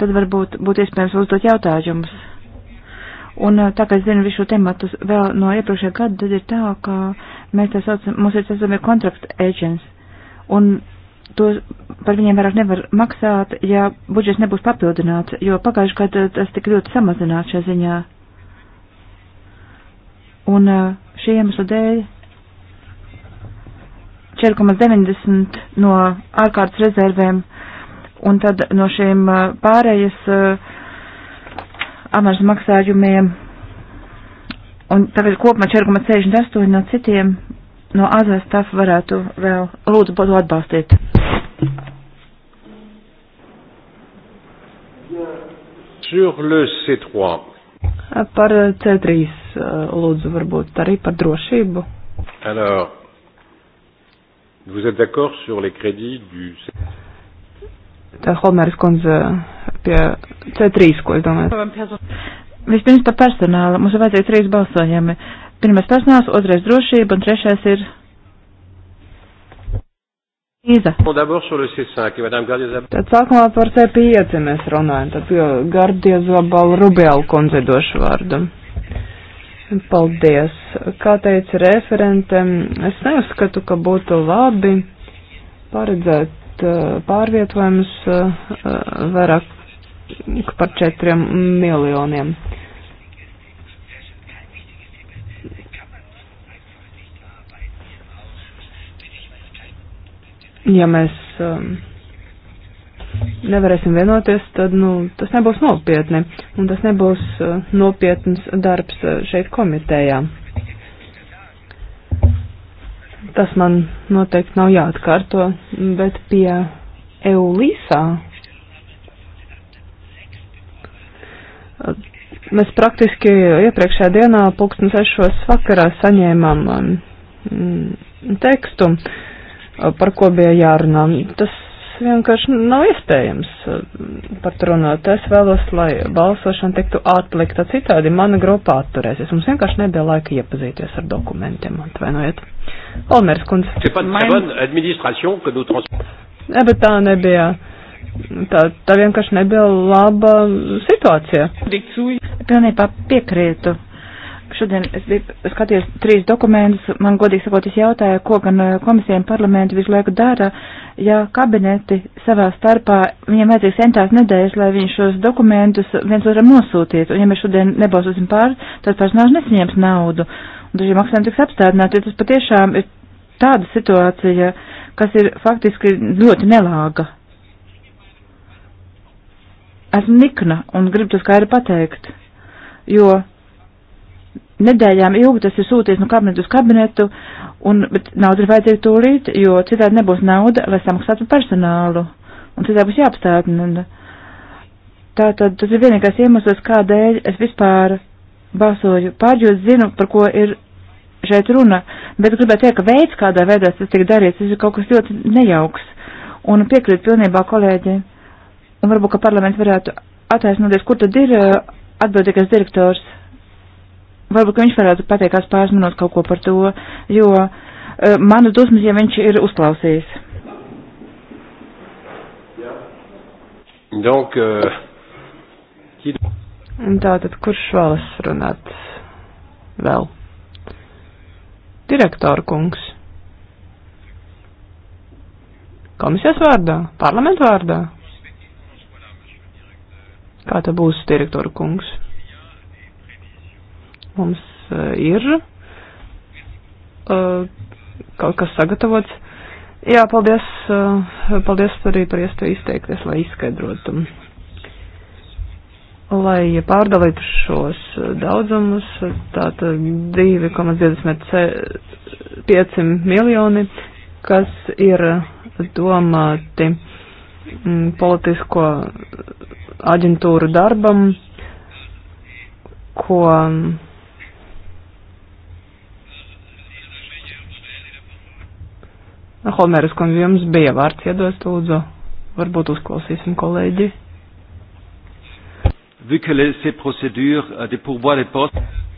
Tad varbūt būtu iespējams uzdot jautājumus. Un eh, tā kā es zinu visu šo tematu vēl no iepriekšējā gada, tad ir tā, ka mēs tā saucam, mums ir tā saucamie contract agents. Un to par viņiem vairāk nevar maksāt, ja budžets nebūs papildināts, jo pagājuši gadu tas tik ļoti samazināts šajā ziņā. Un eh, šī iemesla dēļ 4,90 no ārkārtas rezervēm un tad no šiem eh, pārējas eh, amazas maksājumiem un tāpēc kopumā 4,68 no citiem no azas tas varētu vēl lūdzu to atbalstīt. Sur le C3. Par eh, C3 eh, lūdzu varbūt arī par drošību. Alors, vous êtes d'accord sur les crédits du Tā Holmēras kundze pie C3, ko es domāju. Vispirms par personālu. Mums ir vajadzīgi trīs balsojumi. Pirmais personāls, otrais drošība un trešais ir Līza. Tad sākumā par C5 mēs runājam, tad Gardies Zabalu Rubēlu kundze došu vārdu. Paldies. Kā teica referente, es neuzskatu, ka būtu labi paredzēt uh, pārvietojumus uh, uh, vairāk par četriem miljoniem. ja mēs um, nevarēsim vienoties, tad nu, tas nebūs nopietni, un tas nebūs uh, nopietns darbs uh, šeit komitējā. Tas man noteikti nav jāatkārto, bet pie EULISA uh, mēs praktiski iepriekšējā dienā pulksten sešos vakarā saņēmām um, tekstu. Uh, par ko bija jārunā. Tas vienkārši nav iespējams eh, par to runāt. Es vēlos, lai balsošana tiktu atlikta citādi. Mana grupa atturēsies. Mums vienkārši nebija laika iepazīties ar dokumentiem. Atvainojiet. Olmers kundze. Jā, bet tā nebija. Tā, tā vienkārši nebija laba situācija. Pilnībā piekrītu Šodien es biju skaties trīs dokumentus, man godīgi sakot, es jautāju, ko gan eh, komisija un parlamenti visu laiku dara, ja kabineti savā starpā, viņiem vajadzīgs centās nedēļas, lai viņi šos dokumentus viens otram nosūtītu, un ja mēs šodien nebalsosim pār, tad personāls nesaņems naudu, un daži maksājumi tiks apstādināti, ja tas patiešām ir tāda situācija, kas ir faktiski ļoti nelāga. Esmu nikna un gribu to skaidri pateikt, jo nedēļām ilgi tas ir sūties no kabinetu uz kabinetu, un, bet nauda ir vajadzīga tūlīt, jo citādi nebūs nauda, lai samaksātu personālu, un citādi būs jāapstātni. Tātad tas ir vienīgais iemesls, kādēļ es vispār balsoju pārģot, zinu, par ko ir šeit runa, bet gribētu teikt, ka veids, kādā veidā tas tiek darīts, tas ir kaut kas ļoti nejauks, un piekrīt pilnībā kolēģi, un varbūt, ka parlaments varētu attaisnoties, kur tad ir eh, atbildīgais direktors Varbūt, ka viņš varētu pateikās pāris minūtes kaut ko par to, jo uh, manu dusmas, ja viņš ir uzklausījis. Donc, euh, qui... Tātad, kurš vēlas runāt vēl? Direktora kungs. Komisijas vārdā? Parlamentu vārdā? Kā tā būs, direktora kungs? Mums eh, ir eh, kaut kas sagatavots. Jā, paldies, eh, paldies arī par iespēju izteikties, lai izskaidrotu, lai pārdalītu šos daudzumus, tātad 2,25 miljoni, kas ir domāti mm, politisko aģentūru darbam, ko Holmēras kundze, jums bija vārds iedots, lūdzu. Varbūt uzklausīsim kolēģi. Euh,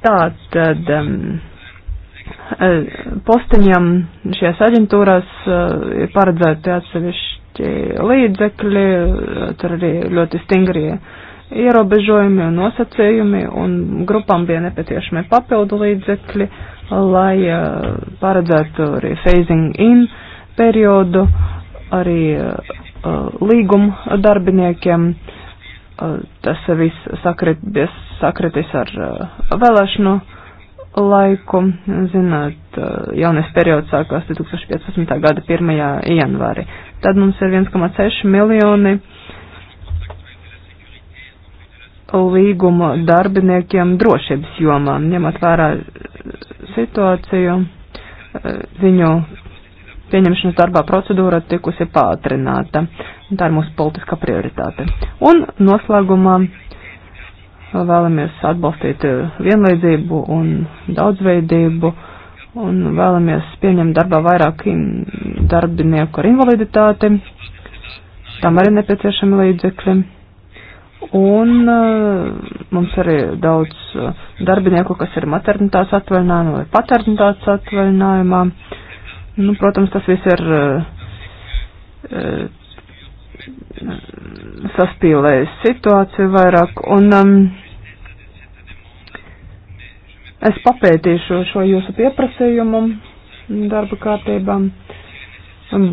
Tātad um, eh, posteņiem šajās aģentūrās uh, ir paredzēti atsevišķi līdzekļi, eh, tur arī ļoti stingrie ierobežojumi un nosacījumi, un grupām bija nepieciešami papildu līdzekļi, lai uh, paredzētu arī phasing in uh, periodu, arī uh, līguma darbiniekiem. Uh, tas viss sakrit, sakritis ar uh, vēlēšanu laiku. Zināt, jaunais periods sākās 2015. gada 1. janvāri. Tad mums ir 1,6 miljoni līguma darbiniekiem drošības jomā, ņemot vērā situāciju, viņu pieņemšanas darbā procedūra tikusi pātrināta. Tā ir mūsu politiskā prioritāte. Un noslēgumā vēlamies atbalstīt eh, vienlīdzību un daudzveidību un vēlamies pieņemt darbā vairāk darbinieku ar invaliditāti. Tam arī nepieciešami līdzekļi. Un uh, mums arī daudz eh, darbinieku, kas ir maternitātes atvaļinājumā vai paternitātes atvaļinājumā. Uh, Nu, protams, tas viss ir eh, eh, saspīlējis situāciju vairāk, un um, es papētīšu šo jūsu pieprasījumu darba kārtībām,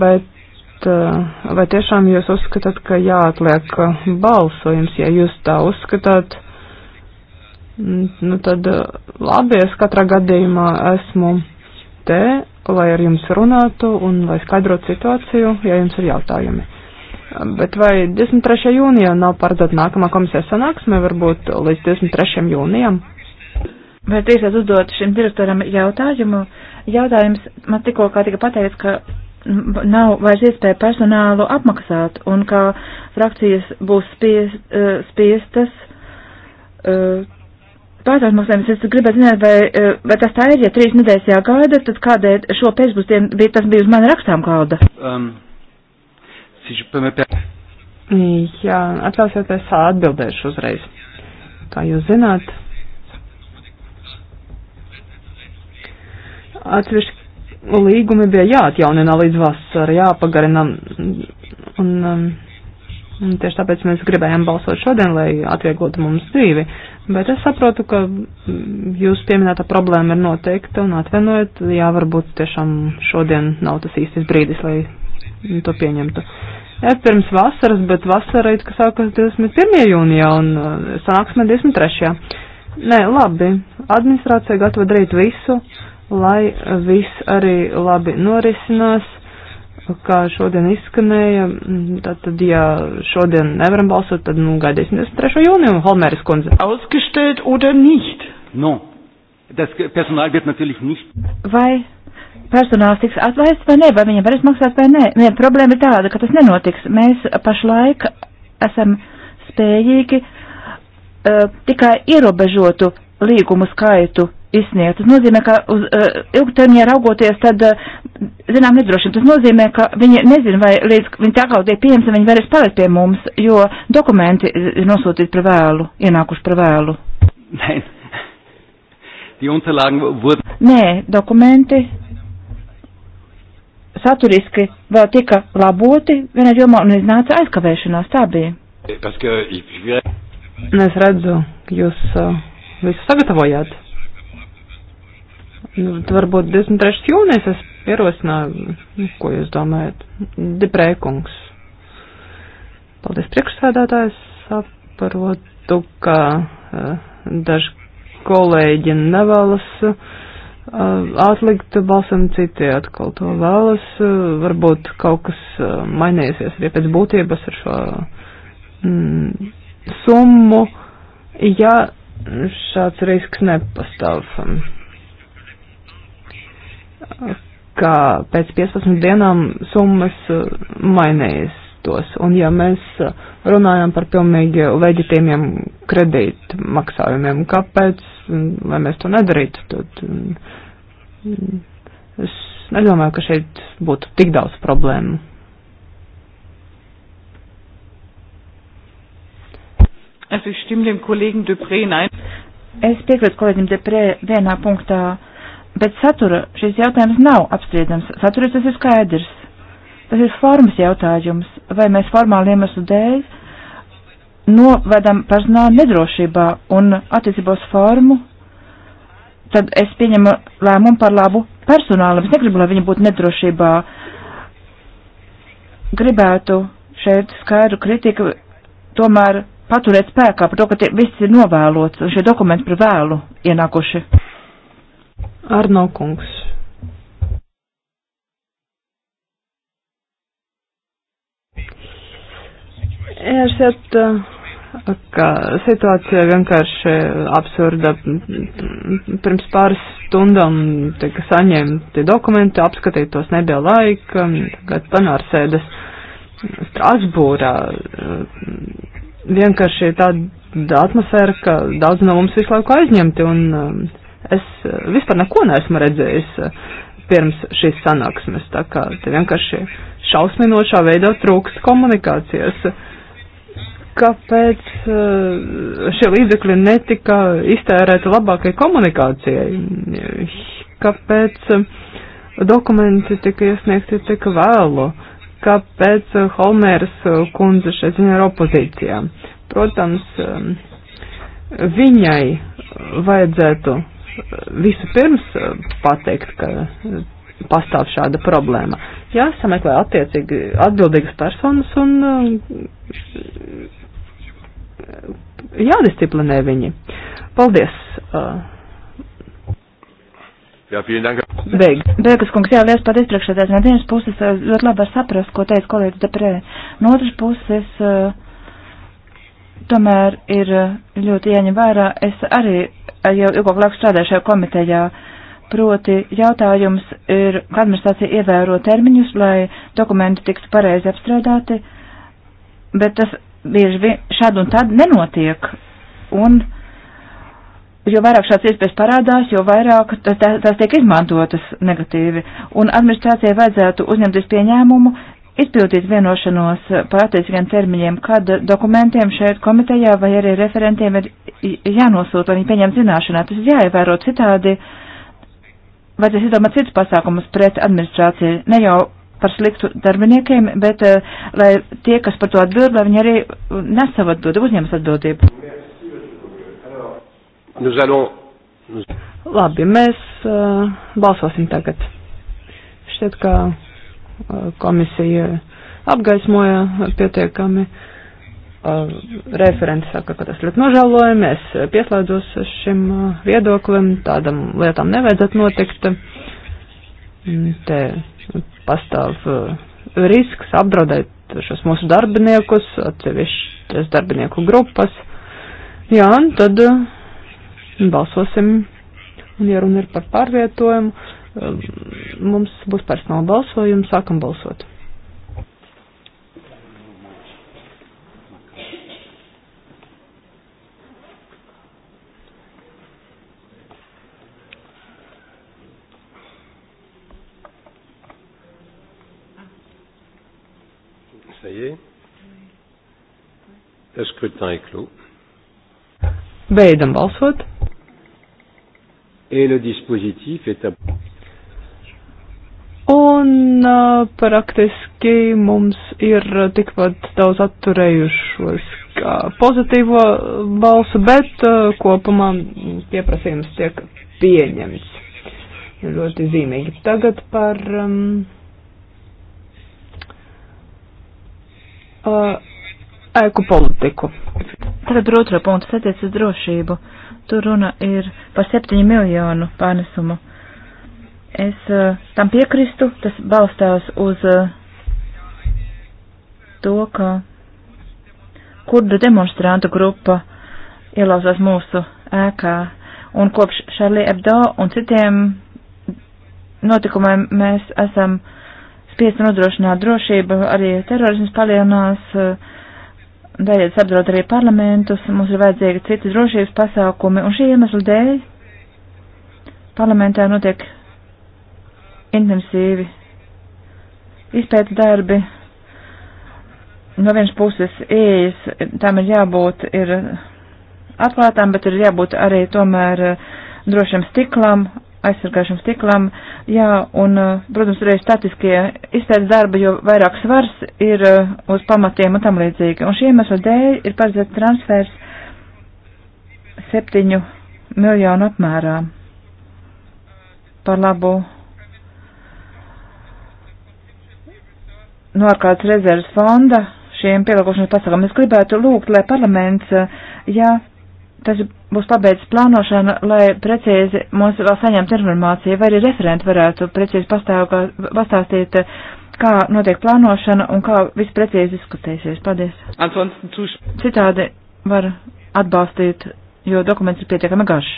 bet uh, vai tiešām jūs uzskatāt, ka jāatliek balsojums, ja jūs tā uzskatāt, mm, nu tad labi, es katrā gadījumā esmu te lai ar jums runātu un lai skaidrotu situāciju, ja jums ir jautājumi. Bet vai 23. jūnijā nav paredzēta nākamā komisijas sanāksme, varbūt līdz 23. jūnijam? Vai tiksiet uzdot šim direktoram jautājumu? Jautājums man tikko kā tika pateikts, ka nav vairs iespēja personālu apmaksāt un ka frakcijas būs spies, eh, spiestas. Uh, Pārtās maksājums, es gribētu zināt, vai, eh, vai tas tā ir, ja trīs nedēļas jāgaida, tad kādēļ šo pēcpusdienu bija, tas bija uz mani rakstām galda? Um, Jā, atļausiet, es atbildēšu uzreiz. Kā jūs zināt, atsevišķi līgumi bija jāatjaunina līdz vasarai, jāpagarina, un, um, un tieši tāpēc mēs gribējām balsot šodien, lai atvieglotu mums dzīvi. Uh, Bet es saprotu, ka mm, jūsu pieminēta problēma ir noteikta un atvainojiet, jā, varbūt tiešām šodien nav tas īstais brīdis, lai to pieņemtu. Jā, pirms vasaras, bet vasara it kā sākas 21. jūnijā un uh, sanāksme 23. Nē, labi, administrācija gatava darīt visu, lai viss arī labi norisinās kā šodien izskanēja, tātad, mm, ja šodien nevaram balsot, tad, nu, gaidīsim 23. jūniju, Holmēras kundze. Ausgestellt oder nicht? No. Das Personal wird natürlich nicht. Vai personāls tiks atlaists vai nē, vai viņam varēs maksāt vai nē? Nē, problēma ir tāda, ka tas nenotiks. Mēs pašlaik esam spējīgi uh, tikai ierobežotu līgumu skaitu izsniegt. Tas nozīmē, ka uz uh, ilgtermiņā raugoties, tad, uh, zinām, nedrošina. Tas nozīmē, ka viņi nezina, vai līdz viņi tā kaut tie pieņems, viņi varēs palikt pie mums, jo dokumenti ir nosūtīti par vēlu, ienākuši par vēlu. Nē, wurd... Nē dokumenti saturiski vēl tika laboti vienā jomā un iznāca aizkavēšanās. Tā bija. Es redzu, jūs uh, visu sagatavojāt. Nu, tad varbūt 23. jūnijas es ierosināju, nu, ko jūs domājat, deprēkungs. Paldies priekšsēdētājs, saprotu, ka uh, daži kolēģi nevēlas uh, atlikt balsojumu, citi atkal to vēlas. Uh, varbūt kaut kas uh, mainīsies arī pēc būtības ar šo mm, summu, ja šāds risks nepastāv. Um, ka pēc 15 dienām summas uh, mainējas tos. Un ja mēs uh, runājam par pilnīgi leģitīmiem kredītu maksājumiem, kāpēc, lai mēs to nedarītu, tad mm, es nedomāju, ka šeit būtu tik daudz problēmu. Es piekrītu kolēģim Deprē vienā punktā. Bet satura šis jautājums nav apspriedams. Saturs tas ir skaidrs. Tas ir formas jautājums, vai mēs formāli iemeslu dēļ novedam personālu nedrošībā un attiecībos formu, tad es pieņemu lēmumu par labu personālam. Es negribu, lai viņi būtu nedrošībā. Gribētu šeit skaidru kritiku tomēr paturēt spēkā par to, ka tie viss ir novēlots un šie dokumenti par vēlu ienākuši. Arno kungs. Esiet, uh, ka situācija vienkārši absurda. Pirms pāris stundām tika saņemti dokumenti, apskatītos nebija laika, tagad panārsēdes Strasbūrā. Uh, vienkārši tāda atmosfēra, ka daudz no mums visu laiku aizņemti un uh, Es eh, vispār neko neesmu redzējis eh, pirms šīs sanāksmes, tā kā te vienkārši šausminošā veidā trūkst komunikācijas. Kāpēc eh, šie līdzekļi netika iztērēti labākai komunikācijai? Kāpēc dokumenti tika iesniegti tik vēlu? Kāpēc Holmēras kundze šeit ziņā ir opozīcijā? Protams, viņai vajadzētu vispirms eh, pateikt, ka eh, pastāv šāda problēma. Jāsameklē attiecīgi atbildīgas personas un eh, jādisciplinē viņi. Paldies! Jā, Beig. Beigas kungs, jā, liels paldies priekšsēdētājs. No vienas puses ļoti labi var saprast, ko teica kolēģis Deprē. No otras puses. Uh, tomēr ir eh, ļoti jāņem vērā. Es arī eh, jau ilgāk laiku strādāju šajā komitejā. Proti jautājums ir, ka administrācija ievēro termiņus, lai dokumenti tiktu pareizi apstrādāti, bet tas bieži vien šādi un tad nenotiek. Un jo vairāk šāds iespējas parādās, jo vairāk tās, tās tiek izmantotas negatīvi. Un administrācijai vajadzētu uzņemties pieņēmumu, izpildīt vienošanos par attiecīgiem termiņiem, kad dokumentiem šeit komitejā vai arī referentiem ir jānosūta, lai viņi pieņem zināšanā. Tas ir jāievēro citādi, vajadzēs izdomāt citus pasākumus pret administrāciju, ne jau par sliktu darbiniekiem, bet eh, lai tie, kas par to atbild, lai viņi arī nesavu atbildi, uzņemas atbildību. Labi, mēs uh, balsosim tagad. Šķiet, ka komisija apgaismoja pietiekami. Referents saka, ka tas ļoti nožēlojami, es pieslēdzos šim viedoklim, tādam lietām nevajadzētu notikt. Te pastāv risks apdraudēt šos mūsu darbiniekus, atsevišķas darbinieku grupas. Jā, un tad balsosim, un ja runa ir par pārvietojumu, Um, mums būs personāla balsojums, sākam balsot. Ça y est. Le scrutin est clos. Beidzam balsot. Et le dispositif est approuvé. Un uh, praktiski mums ir tikpat daudz atturējušos pozitīvo balsu, bet uh, kopumā pieprasījums tiek pieņemts. Ļoti zīmīgi. Tagad par um, uh, ēku politiku. Tagad par otro punktu satiec uz drošību. Tur runa ir par septiņu miljonu pārnesumu Es eh, tam piekristu, tas balstās uz eh, to, ka kurdu demonstrantu grupa ielauzās mūsu ēkā, un kopš Šarlī Ebdo un citiem notikumiem mēs esam spiesti nodrošināt drošību, arī terorisms palielinās, eh, daļiet apdraud arī parlamentus, mums ir vajadzīgi citi drošības pasākumi, un šī iemesla dēļ parlamentā notiek intensīvi izpēta darbi. No vienas puses ieejas, tām ir jābūt ir atklātām, bet ir jābūt arī tomēr eh, drošam stiklam, aizsargāšam stiklam, jā, un, eh, protams, arī statiskie izpētes darba, jo vairāk svars ir eh, uz pamatiem un tam līdzīgi. Un šī iemesla dēļ ir paredzēts transfers septiņu miljonu apmērā par labu no ārkārtas rezerves fonda šiem pielāgošanas pasākumiem. Es gribētu lūgt, lai parlaments, ja tas būs pabeigts plānošana, lai precīzi mums vēl saņemtu informāciju, vai arī referenti varētu precīzi pastāstīt, kā notiek plānošana un kā viss precīzi izskatīsies. Paldies. Citādi var atbalstīt, jo dokuments ir pietiekami garš.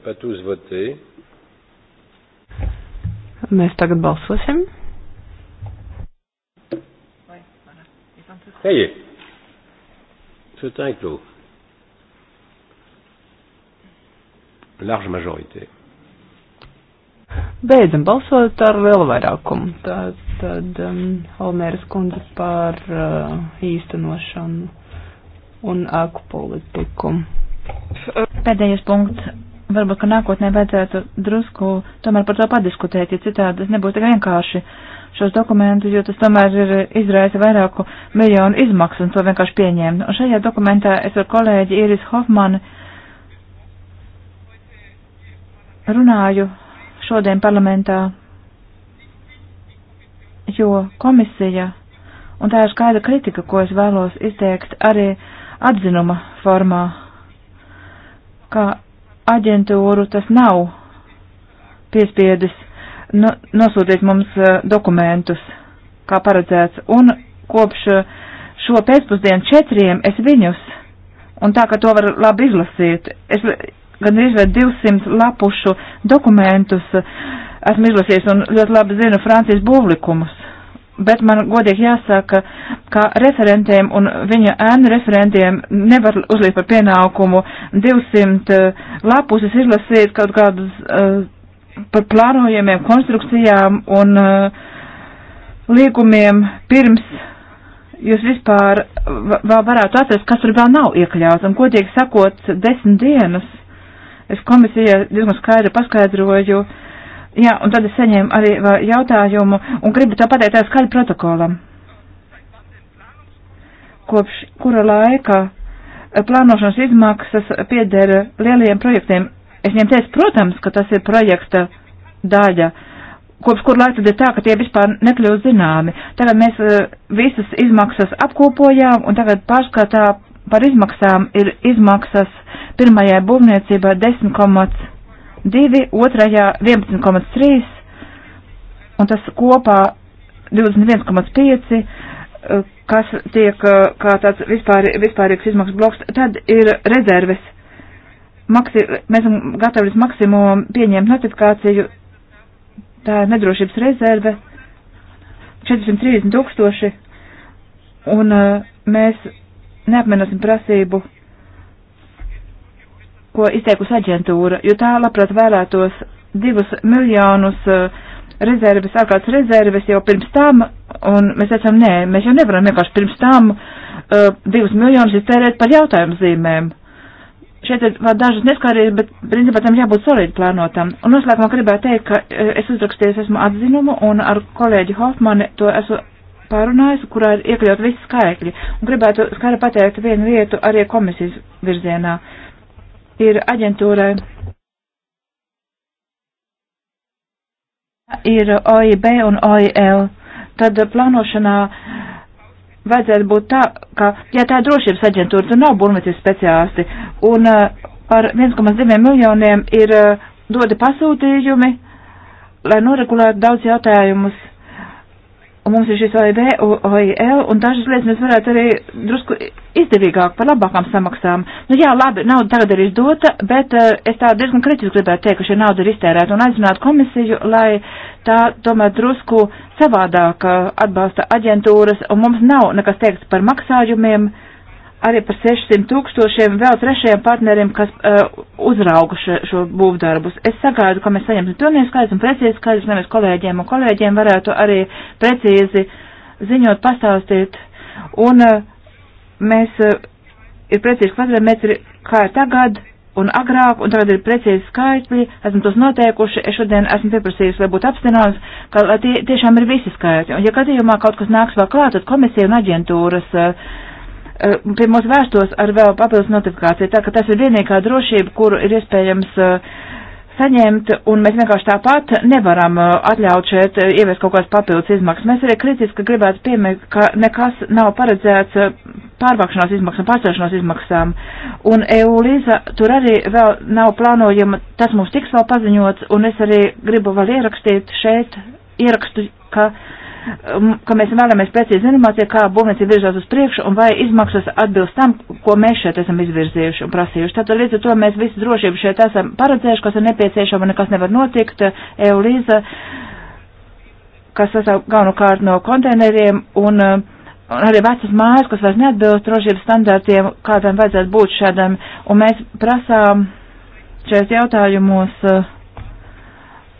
n'avez pas tous voté. Mēs tagad balsosim. Ça y est. Scrutin est clos. Large majorité. Beidzam balsot ar lielu vairākumu. Tad, tad um, Holmēras kundze par uh, īstenošanu un aku politiku. Pēdējais punkts varbūt, ka nākotnē vajadzētu drusku tomēr par to padiskutēt, jo ja citādi tas nebūs tik vienkārši šos dokumentus, jo tas tomēr ir izraisa vairāku miljonu izmaksu un to vienkārši pieņēma. Un šajā dokumentā es ar kolēģi Iris Hofmanu runāju šodien parlamentā, jo komisija, un tā ir skaida kritika, ko es vēlos izteikt arī atzinuma formā, ka aģentūru tas nav piespiedis no, nosūtīt mums eh, dokumentus, kā paredzēts, un kopš eh, šo pēcpusdienu četriem es viņus, un tā, ka to var labi izlasīt, es gan izvēl 200 lapušu dokumentus eh, esmu izlasījis un ļoti labi zinu Francijas būvlikumus bet man godīgi jāsaka, ka referentiem un viņa ēnu referentiem nevar uzlikt par pienākumu 200 eh, lapuses izlasīt kaut kādas uh, eh, par plānojumiem, konstrukcijām un uh, līgumiem pirms jūs vispār vēl varētu atrast, kas tur vēl nav iekļauts. Un godīgi sakot, desmit dienas es komisijai diezgan skaidri paskaidroju, uh, Jā, un tad es saņēmu arī jautājumu un gribu to pateikt tā skaļi protokolam. Kopš kura laika eh, plānošanas izmaksas piedara lielajiem projektiem? Es viņiem teicu, protams, ka tas ir projekta daļa. Kopš kur laika tad ir tā, ka tie vispār nekļūst zināmi. Tagad mēs eh, visas izmaksas apkopojām un tagad pārskatā par izmaksām ir izmaksas pirmajai būvniecībai 10,5. 2, otrajā 11,3 un tas kopā 21,5, eh, kas tiek eh, kā tāds vispār, vispārīgs izmaksas bloks, tad ir rezerves. Maksi, mēs esam gatavi līdz maksimumu pieņemt notifikāciju, tā ir nedrošības rezerve, 430 tūkstoši, un eh, mēs neapmienosim prasību ko izteikusi aģentūra, jo tā labprāt vēlētos divus miljonus eh, rezerves, ārkārtas rezerves jau pirms tam, un mēs teicām, nē, mēs jau nevaram vienkārši pirms tam uh, divus miljonus iztērēt par jautājumu zīmēm. Šeit ir vēl dažas neskārības, bet principā tam jābūt solīti plānotam. Un noslēgumā gribētu teikt, ka eh, es uzrakstīju, esmu atzinumu un ar kolēģi Hofmani to esmu pārunājis, kurā ir iekļaut visi skaitļi. Un gribētu skaidri pateikt vienu lietu arī komisijas virzienā. Uh, ir aģentūrai. Ir OIB un OIL. Tad plānošanā vajadzētu būt tā, ka, ja tā ir drošības aģentūra, tad nav burmetis speciālisti. Un eh, par 1,2 miljoniem ir eh, dodi pasūtījumi, lai noregulētu daudz jautājumus Un mums ir šis OIB, e OIL, e un dažas lietas mēs varētu arī drusku izdevīgāk par labākām samaksām. Nu jā, labi, nauda tagad ir izdota, bet uh, es tā diezgan kritiski gribētu teikt, ka šī nauda ir iztērēta un aicinātu komisiju, lai tā tomēr drusku savādāk uh, atbalsta aģentūras, un mums nav nekas teikts par maksājumiem. Uh, arī par 600 tūkstošiem vēl trešajiem partneriem, kas uh, uzrauga šo, šo būvdarbus. Es sagaidu, ka mēs saņemsim pilnīgi skaidrs un precīzi skaidrs, lai mēs kolēģiem un kolēģiem varētu arī precīzi ziņot, pastāstīt. Un uh, mēs uh, ir precīzi kvadrātmetri, kā ir tagad un agrāk, un tagad ir precīzi skaitļi, esmu tos noteikuši, es šodien esmu pieprasījusi, lai būtu apstināts, ka tie tiešām ir visi skaitļi. Un ja gadījumā kaut kas nāks vēl klāt, tad komisija un aģentūras uh, Eh, pie mums vērstos ar vēl papildus notifikāciju, tā ka tas ir vienīgā drošība, kuru ir iespējams eh, saņemt, un mēs vienkārši tāpat nevaram eh, atļaut šeit ievies kaut kādas papildus izmaksas. Mēs arī kritiski gribētu pieminēt, ka nekas nav paredzēts pārvākšanās izmaksām, pārcelšanās izmaksām, un EU līza tur arī vēl nav plānojama, tas mums tiks vēl paziņots, un es arī gribu vēl ierakstīt šeit, ierakstu, ka Um, ka mēs vēlamies precīzi informāciju, kā būvniecība virzās uz priekšu un vai izmaksas atbilst tam, ko mēs šeit esam izvirzījuši un prasījuši. Tātad līdz ar to mēs visu drošību šeit esam paredzējuši, kas ir nepieciešama, nekas nevar notikt. Eulīza, kas sastāv galvenokārt no konteineriem un, uh, un arī vecas mājas, kas vairs neatbilst drošības standārtiem, kādam vajadzētu būt šādam. Un mēs prasām šajos jautājumos uh,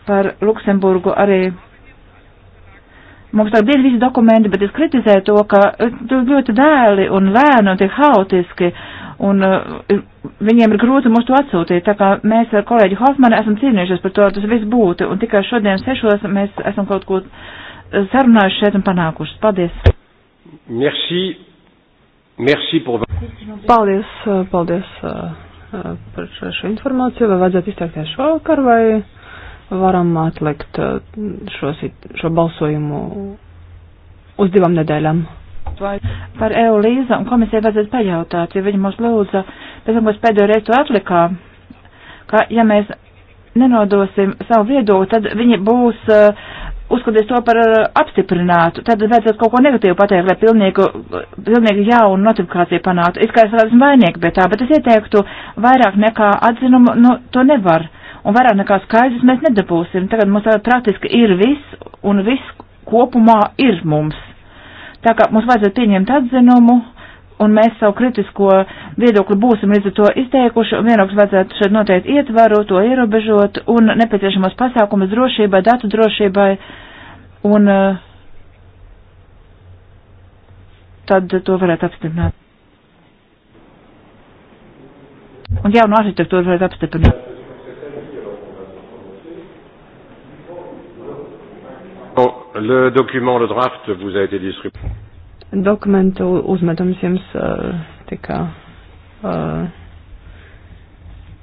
par Luksemburgu arī Mums tagad ir visi dokumenti, bet es kritizēju to, ka e, tur ļoti dēli un lēni un tiek haotiski, un uh, viņiem ir grūti mums to atsūtīt. Tā kā mēs ar kolēģi Hofmanu esam cīnījušies par to, tas viss būtu, un tikai šodien sešos mēs esam kaut ko e, sarunājuši šeit un panākuši. Paldies! Merci. Merci pour... Paldies, paldies par šo informāciju. Vai vajadzētu izteikties šovakar vai? varam atlikt uh, šo, šo balsojumu uz divām nedēļām. Vai par EU līzām komisija vajadzētu pajautāt, jo viņi mums lūdza, pēc tam, kas pēdējo reizi to atlikā, ka ja mēs nenodosim savu viedokli, tad viņi būs uh, uzskatīs to par uh, apstiprinātu. Tad vajadzētu kaut ko negatīvu pateikt, lai pilnīgu, pilnīgi jaunu notifikāciju panātu. Es kā es esmu vainīgi pie tā, bet es ieteiktu vairāk nekā atzinumu, nu, to nevar. Uh, un vairāk nekā skaidrs mēs nedabūsim. Tagad mums tā praktiski ir viss, un viss kopumā ir mums. Tā kā mums vajadzētu pieņemt atzinumu, un mēs savu kritisko viedokli būsim līdz ar to izteikuši, un vienlaikus vajadzētu šeit noteikti ietvaru, to ierobežot, un nepieciešamos pasākumus drošībai, datu drošībai, un eh, tad to varētu apstiprināt. Un jaunu arhitektūru varētu apstiprināt. Bon, le document, le draft vous a été distribué. Dokumentu uzmetums jums uh, tika uh,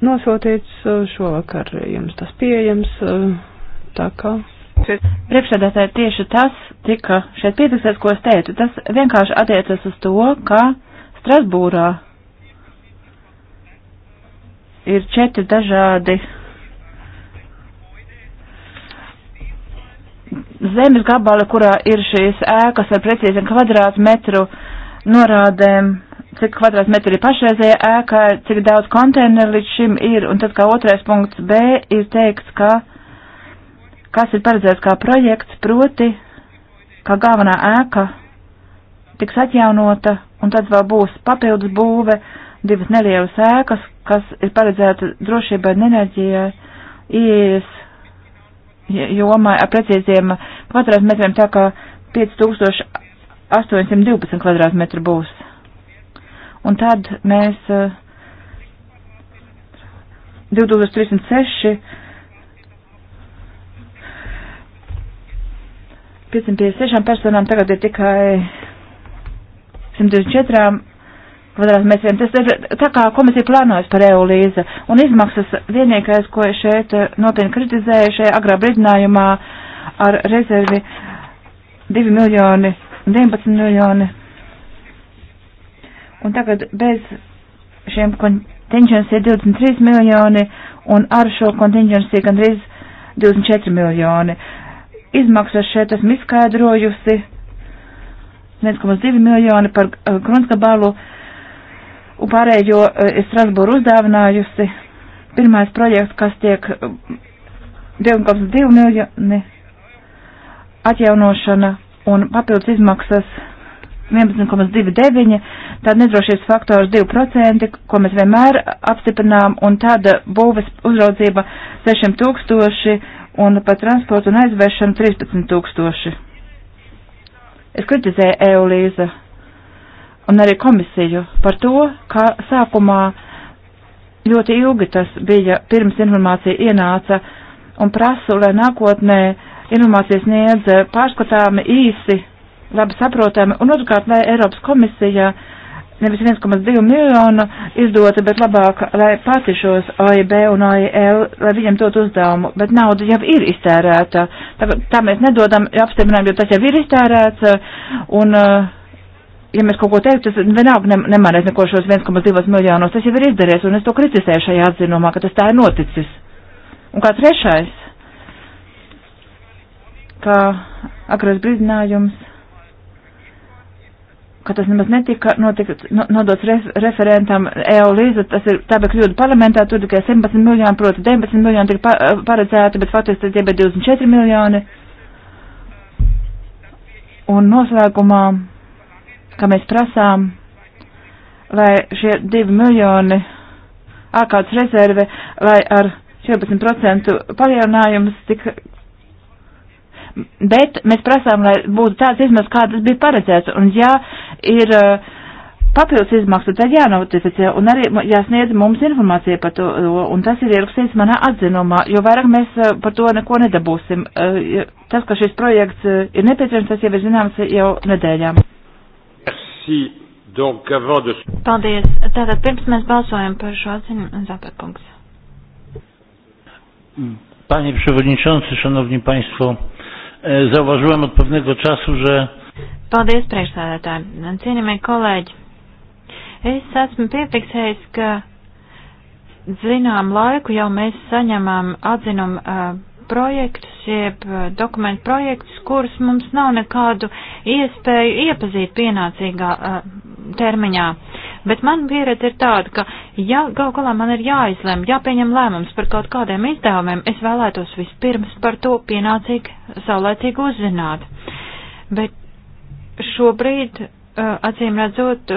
nosūtīts uh, šovakar, jums tas pieejams, uh, tā kā. Priekšsēdētāji tieši tas tika šeit piefiksēts, ko es teicu. Tas vienkārši attiecas uz to, ka Strasbūrā ir četri dažādi zemes gabala, kurā ir šīs ēkas ar precīziem kvadrātmetru norādēm, cik kvadrātmetri ir pašreizējā ēkā, cik daudz konteineru līdz šim ir, un tad kā otrais punkts B ir teikts, ka kas ir paredzēts kā projekts, proti, kā galvenā ēka tiks atjaunota, un tad vēl būs papildus būve, divas nelielas ēkas, kas ir paredzēta drošībai un enerģijai, ieejas jomā ar precīziem kvadrātmetriem tā kā 5812 kvadrātmetru būs. Un tad mēs 2306 eh, 556 personām tagad ir tikai 124 kvadrātmetriem. Tas ir tā kā komisija plānojas par eulīzi. Un izmaksas vienīgais, ko šeit eh, nopietni kritizēju šajā agrā brīdinājumā ar rezervi 2 miljoni, 19 miljoni. Un tagad bez šiem kontingencijiem 23 miljoni un ar šo kontingenciju gandrīz 24 miljoni. Izmaksas šeit esmu izskaidrojusi 1,2 miljoni par uh, gruntsgabalu. Uh, un pārējo eh, es Strasbūru uzdāvinājusi. Pirmais projekts, kas tiek 2,2 eh, miljoni atjaunošana un papildus izmaksas 11,29, tad nedrošības faktors 2%, ko mēs vienmēr apstiprinām, un tāda būves uzraudzība 6 tūkstoši un par transportu un aizvēršanu 13 tūkstoši. Es kritizēju Eulīza un arī komisiju par to, ka sākumā ļoti ilgi tas bija pirms informācija ienāca un prasu, lai nākotnē informācijas niedz pārskatāmi īsi, labi saprotami, un otrkārt, lai Eiropas komisija nevis 1,2 miljonu izdota, bet labāk, lai pati šos AIB un AIL, lai viņam dot uzdevumu, bet nauda jau ir iztērēta. Tā, tā mēs nedodam apstiprinājumu, jo tas jau ir iztērēts, un uh, ja mēs kaut ko teiktu, tas vienalga ne, nemainēs neko šos 1,2 miljonos. Tas jau ir izdarīts, un es to kritizēju šajā atzinumā, ka tas tā ir noticis. Un kā trešais, kā agros brīdinājums ka tas nemaz netika notika, nodots ref, referentam EOLIZA, tas ir tā bija kļūda parlamentā, tur tikai 17 miljoni, proti 19 miljoni tika eh, paredzēti, bet faktiski tad bija 24 miljoni. Un noslēgumā ka mēs prasām, lai šie divi miljoni ārkārtas rezerve, lai ar 14% palielinājums tik. Bet mēs prasām, lai būtu tāds izmaksas, kādas bija paredzēts. Un ja ir uh, papildus izmaksu, tad jānotificē un arī jāsniedz mums informācija par to, un tas ir ierakstīts manā atzinumā, jo vairāk mēs uh, par to neko nedabūsim. Uh, tas, ka šis projekts uh, ir nepieciešams, tas jau ir zināms jau nedēļām. Merci. Donc, avant de... Paldies. Tātad pirms mēs balsojam par šo atzinu, Zaperkungs. Panie Przewodniczący, Szanowni Państwo, e, zauważyłem od pewnego czasu, że... Paldies, priekšsēdētāji. Cienījamie kolēģi, es esmu piefiksējis, ka zinām laiku jau mēs saņemam atzinumu uh, projektus, jeb eh, dokumentu projektus, kurus mums nav nekādu iespēju iepazīt pienācīgā uh, termiņā. Bet man pieredze ir tāda, ka ja gal galā man ir jāizlem, jāpieņem lēmums par kaut kādiem izdevumiem, es vēlētos vispirms par to pienācīgi saulēcīgi uzzināt. Bet šobrīd eh, acīm redzot,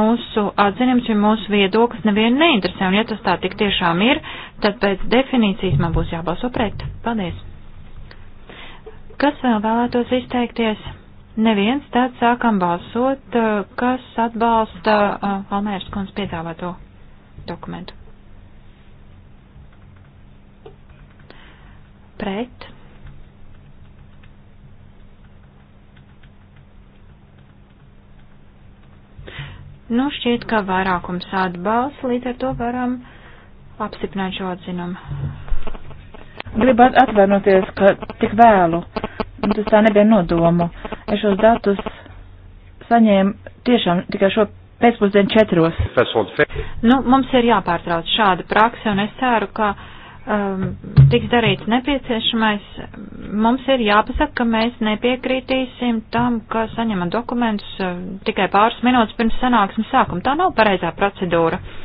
mūsu atzinums vai mūsu viedoklis nevienu neinteresē, un ja tas tā tik tiešām ir, tad pēc definīcijas man būs jābalso pret. Paldies! Kas vēl vēlētos izteikties? Neviens, tad sākam balsot, uh, kas atbalsta uh, Almēras kundzes piedāvāto dokumentu. Pret. Nu, šķiet, ka vairākums atbalsta, līdz ar to varam apstiprināt šo atzinumu. Gribu atvainoties, ka tik vēlu. Un tas tā nebija nodomu. Es šos datus saņēmu tiešām tikai šo pēcpusdienu četros. Nu, mums ir jāpārtrauc šāda praksa, un es ceru, ka um, tiks darīts nepieciešamais. Mums ir jāpasaka, ka mēs nepiekrītīsim tam, ka saņemam dokumentus uh, tikai pāris minūtes pirms sanāksmes sākuma. Tā nav pareizā procedūra. Uh,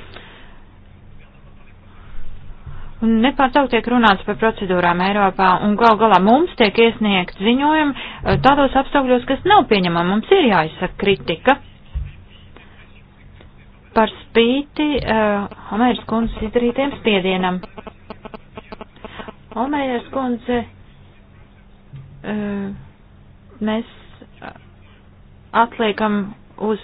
Un nepārtraukt tiek runāts par procedūrām Eiropā, un gal galā mums tiek iesniegt ziņojumi e, tādos apstākļos, kas nav pieņemami. Mums ir jāizsaka kritika. Par spīti uh, Homēras kundzes izdarītiem spiedienam. Homēras kundze, uh, mēs atliekam uz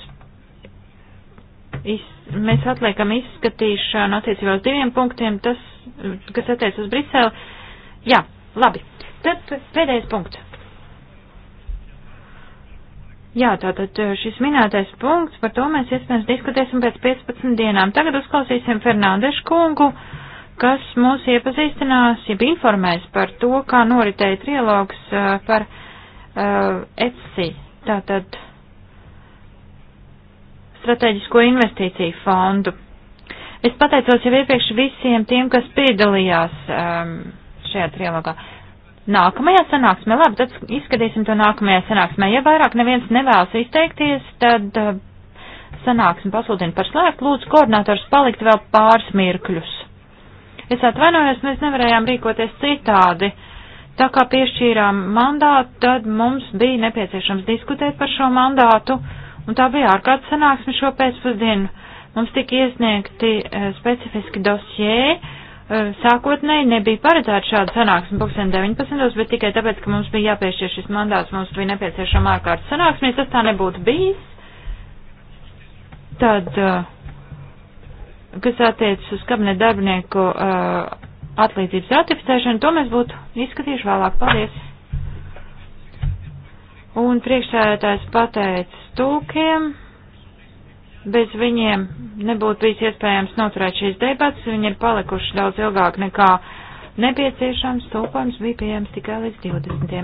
iz, mēs atliekam izskatīšanu attiecībā uz diviem punktiem, tas, kas attiec uz Briseli. Jā, labi. Tad pēdējais punkts. Jā, tātad eh, šis minētais punkts, par to mēs iespējams diskutēsim pēc 15 dienām. Tagad uzklausīsim Fernandešu kungu, kas mūs iepazīstinās, jeb informēs par to, kā noritēja trialogs eh, par uh, eh, ECI. Tātad strateģisko investīciju fondu. Es pateicos jau iepriekš visiem tiem, kas piedalījās um, šajā trilogā. Nākamajā sanāksmē, labi, tad izskatīsim to nākamajā sanāksmē. Ja vairāk neviens nevēlas izteikties, tad uh, sanāksmi pasludina par slēgtu. Lūdzu, koordinators palikt vēl pāris mirkļus. Es atvainojos, mēs nevarējām rīkoties citādi. Tā kā piešķīrām mandātu, tad mums bija nepieciešams diskutēt par šo mandātu. Uh, Un tā bija ārkārtas sanāksme šo pēcpusdienu. Mums tika iesniegti uh, specifiski dosjē. Uh, eh, sākotnēji nebija paredzēta šāda sanāksme pulksten 19, bet tikai tāpēc, ka mums bija jāpiešķir šis mandāts, mums bija nepieciešama ārkārtas sanāksme, ja tas tā nebūtu bijis. Tad, uh, kas attiec uz kabinetu darbinieku uh, atlīdzības ratificēšanu, to mēs būtu izskatījuši vēlāk. Paldies! Un priekšsēdētājs pateica, tūkiem. Bez viņiem nebūtu bijis iespējams noturēt šīs debatas, viņi ir palikuši daudz ilgāk nekā nepieciešams, tūkojums bija pieejams tikai līdz 20.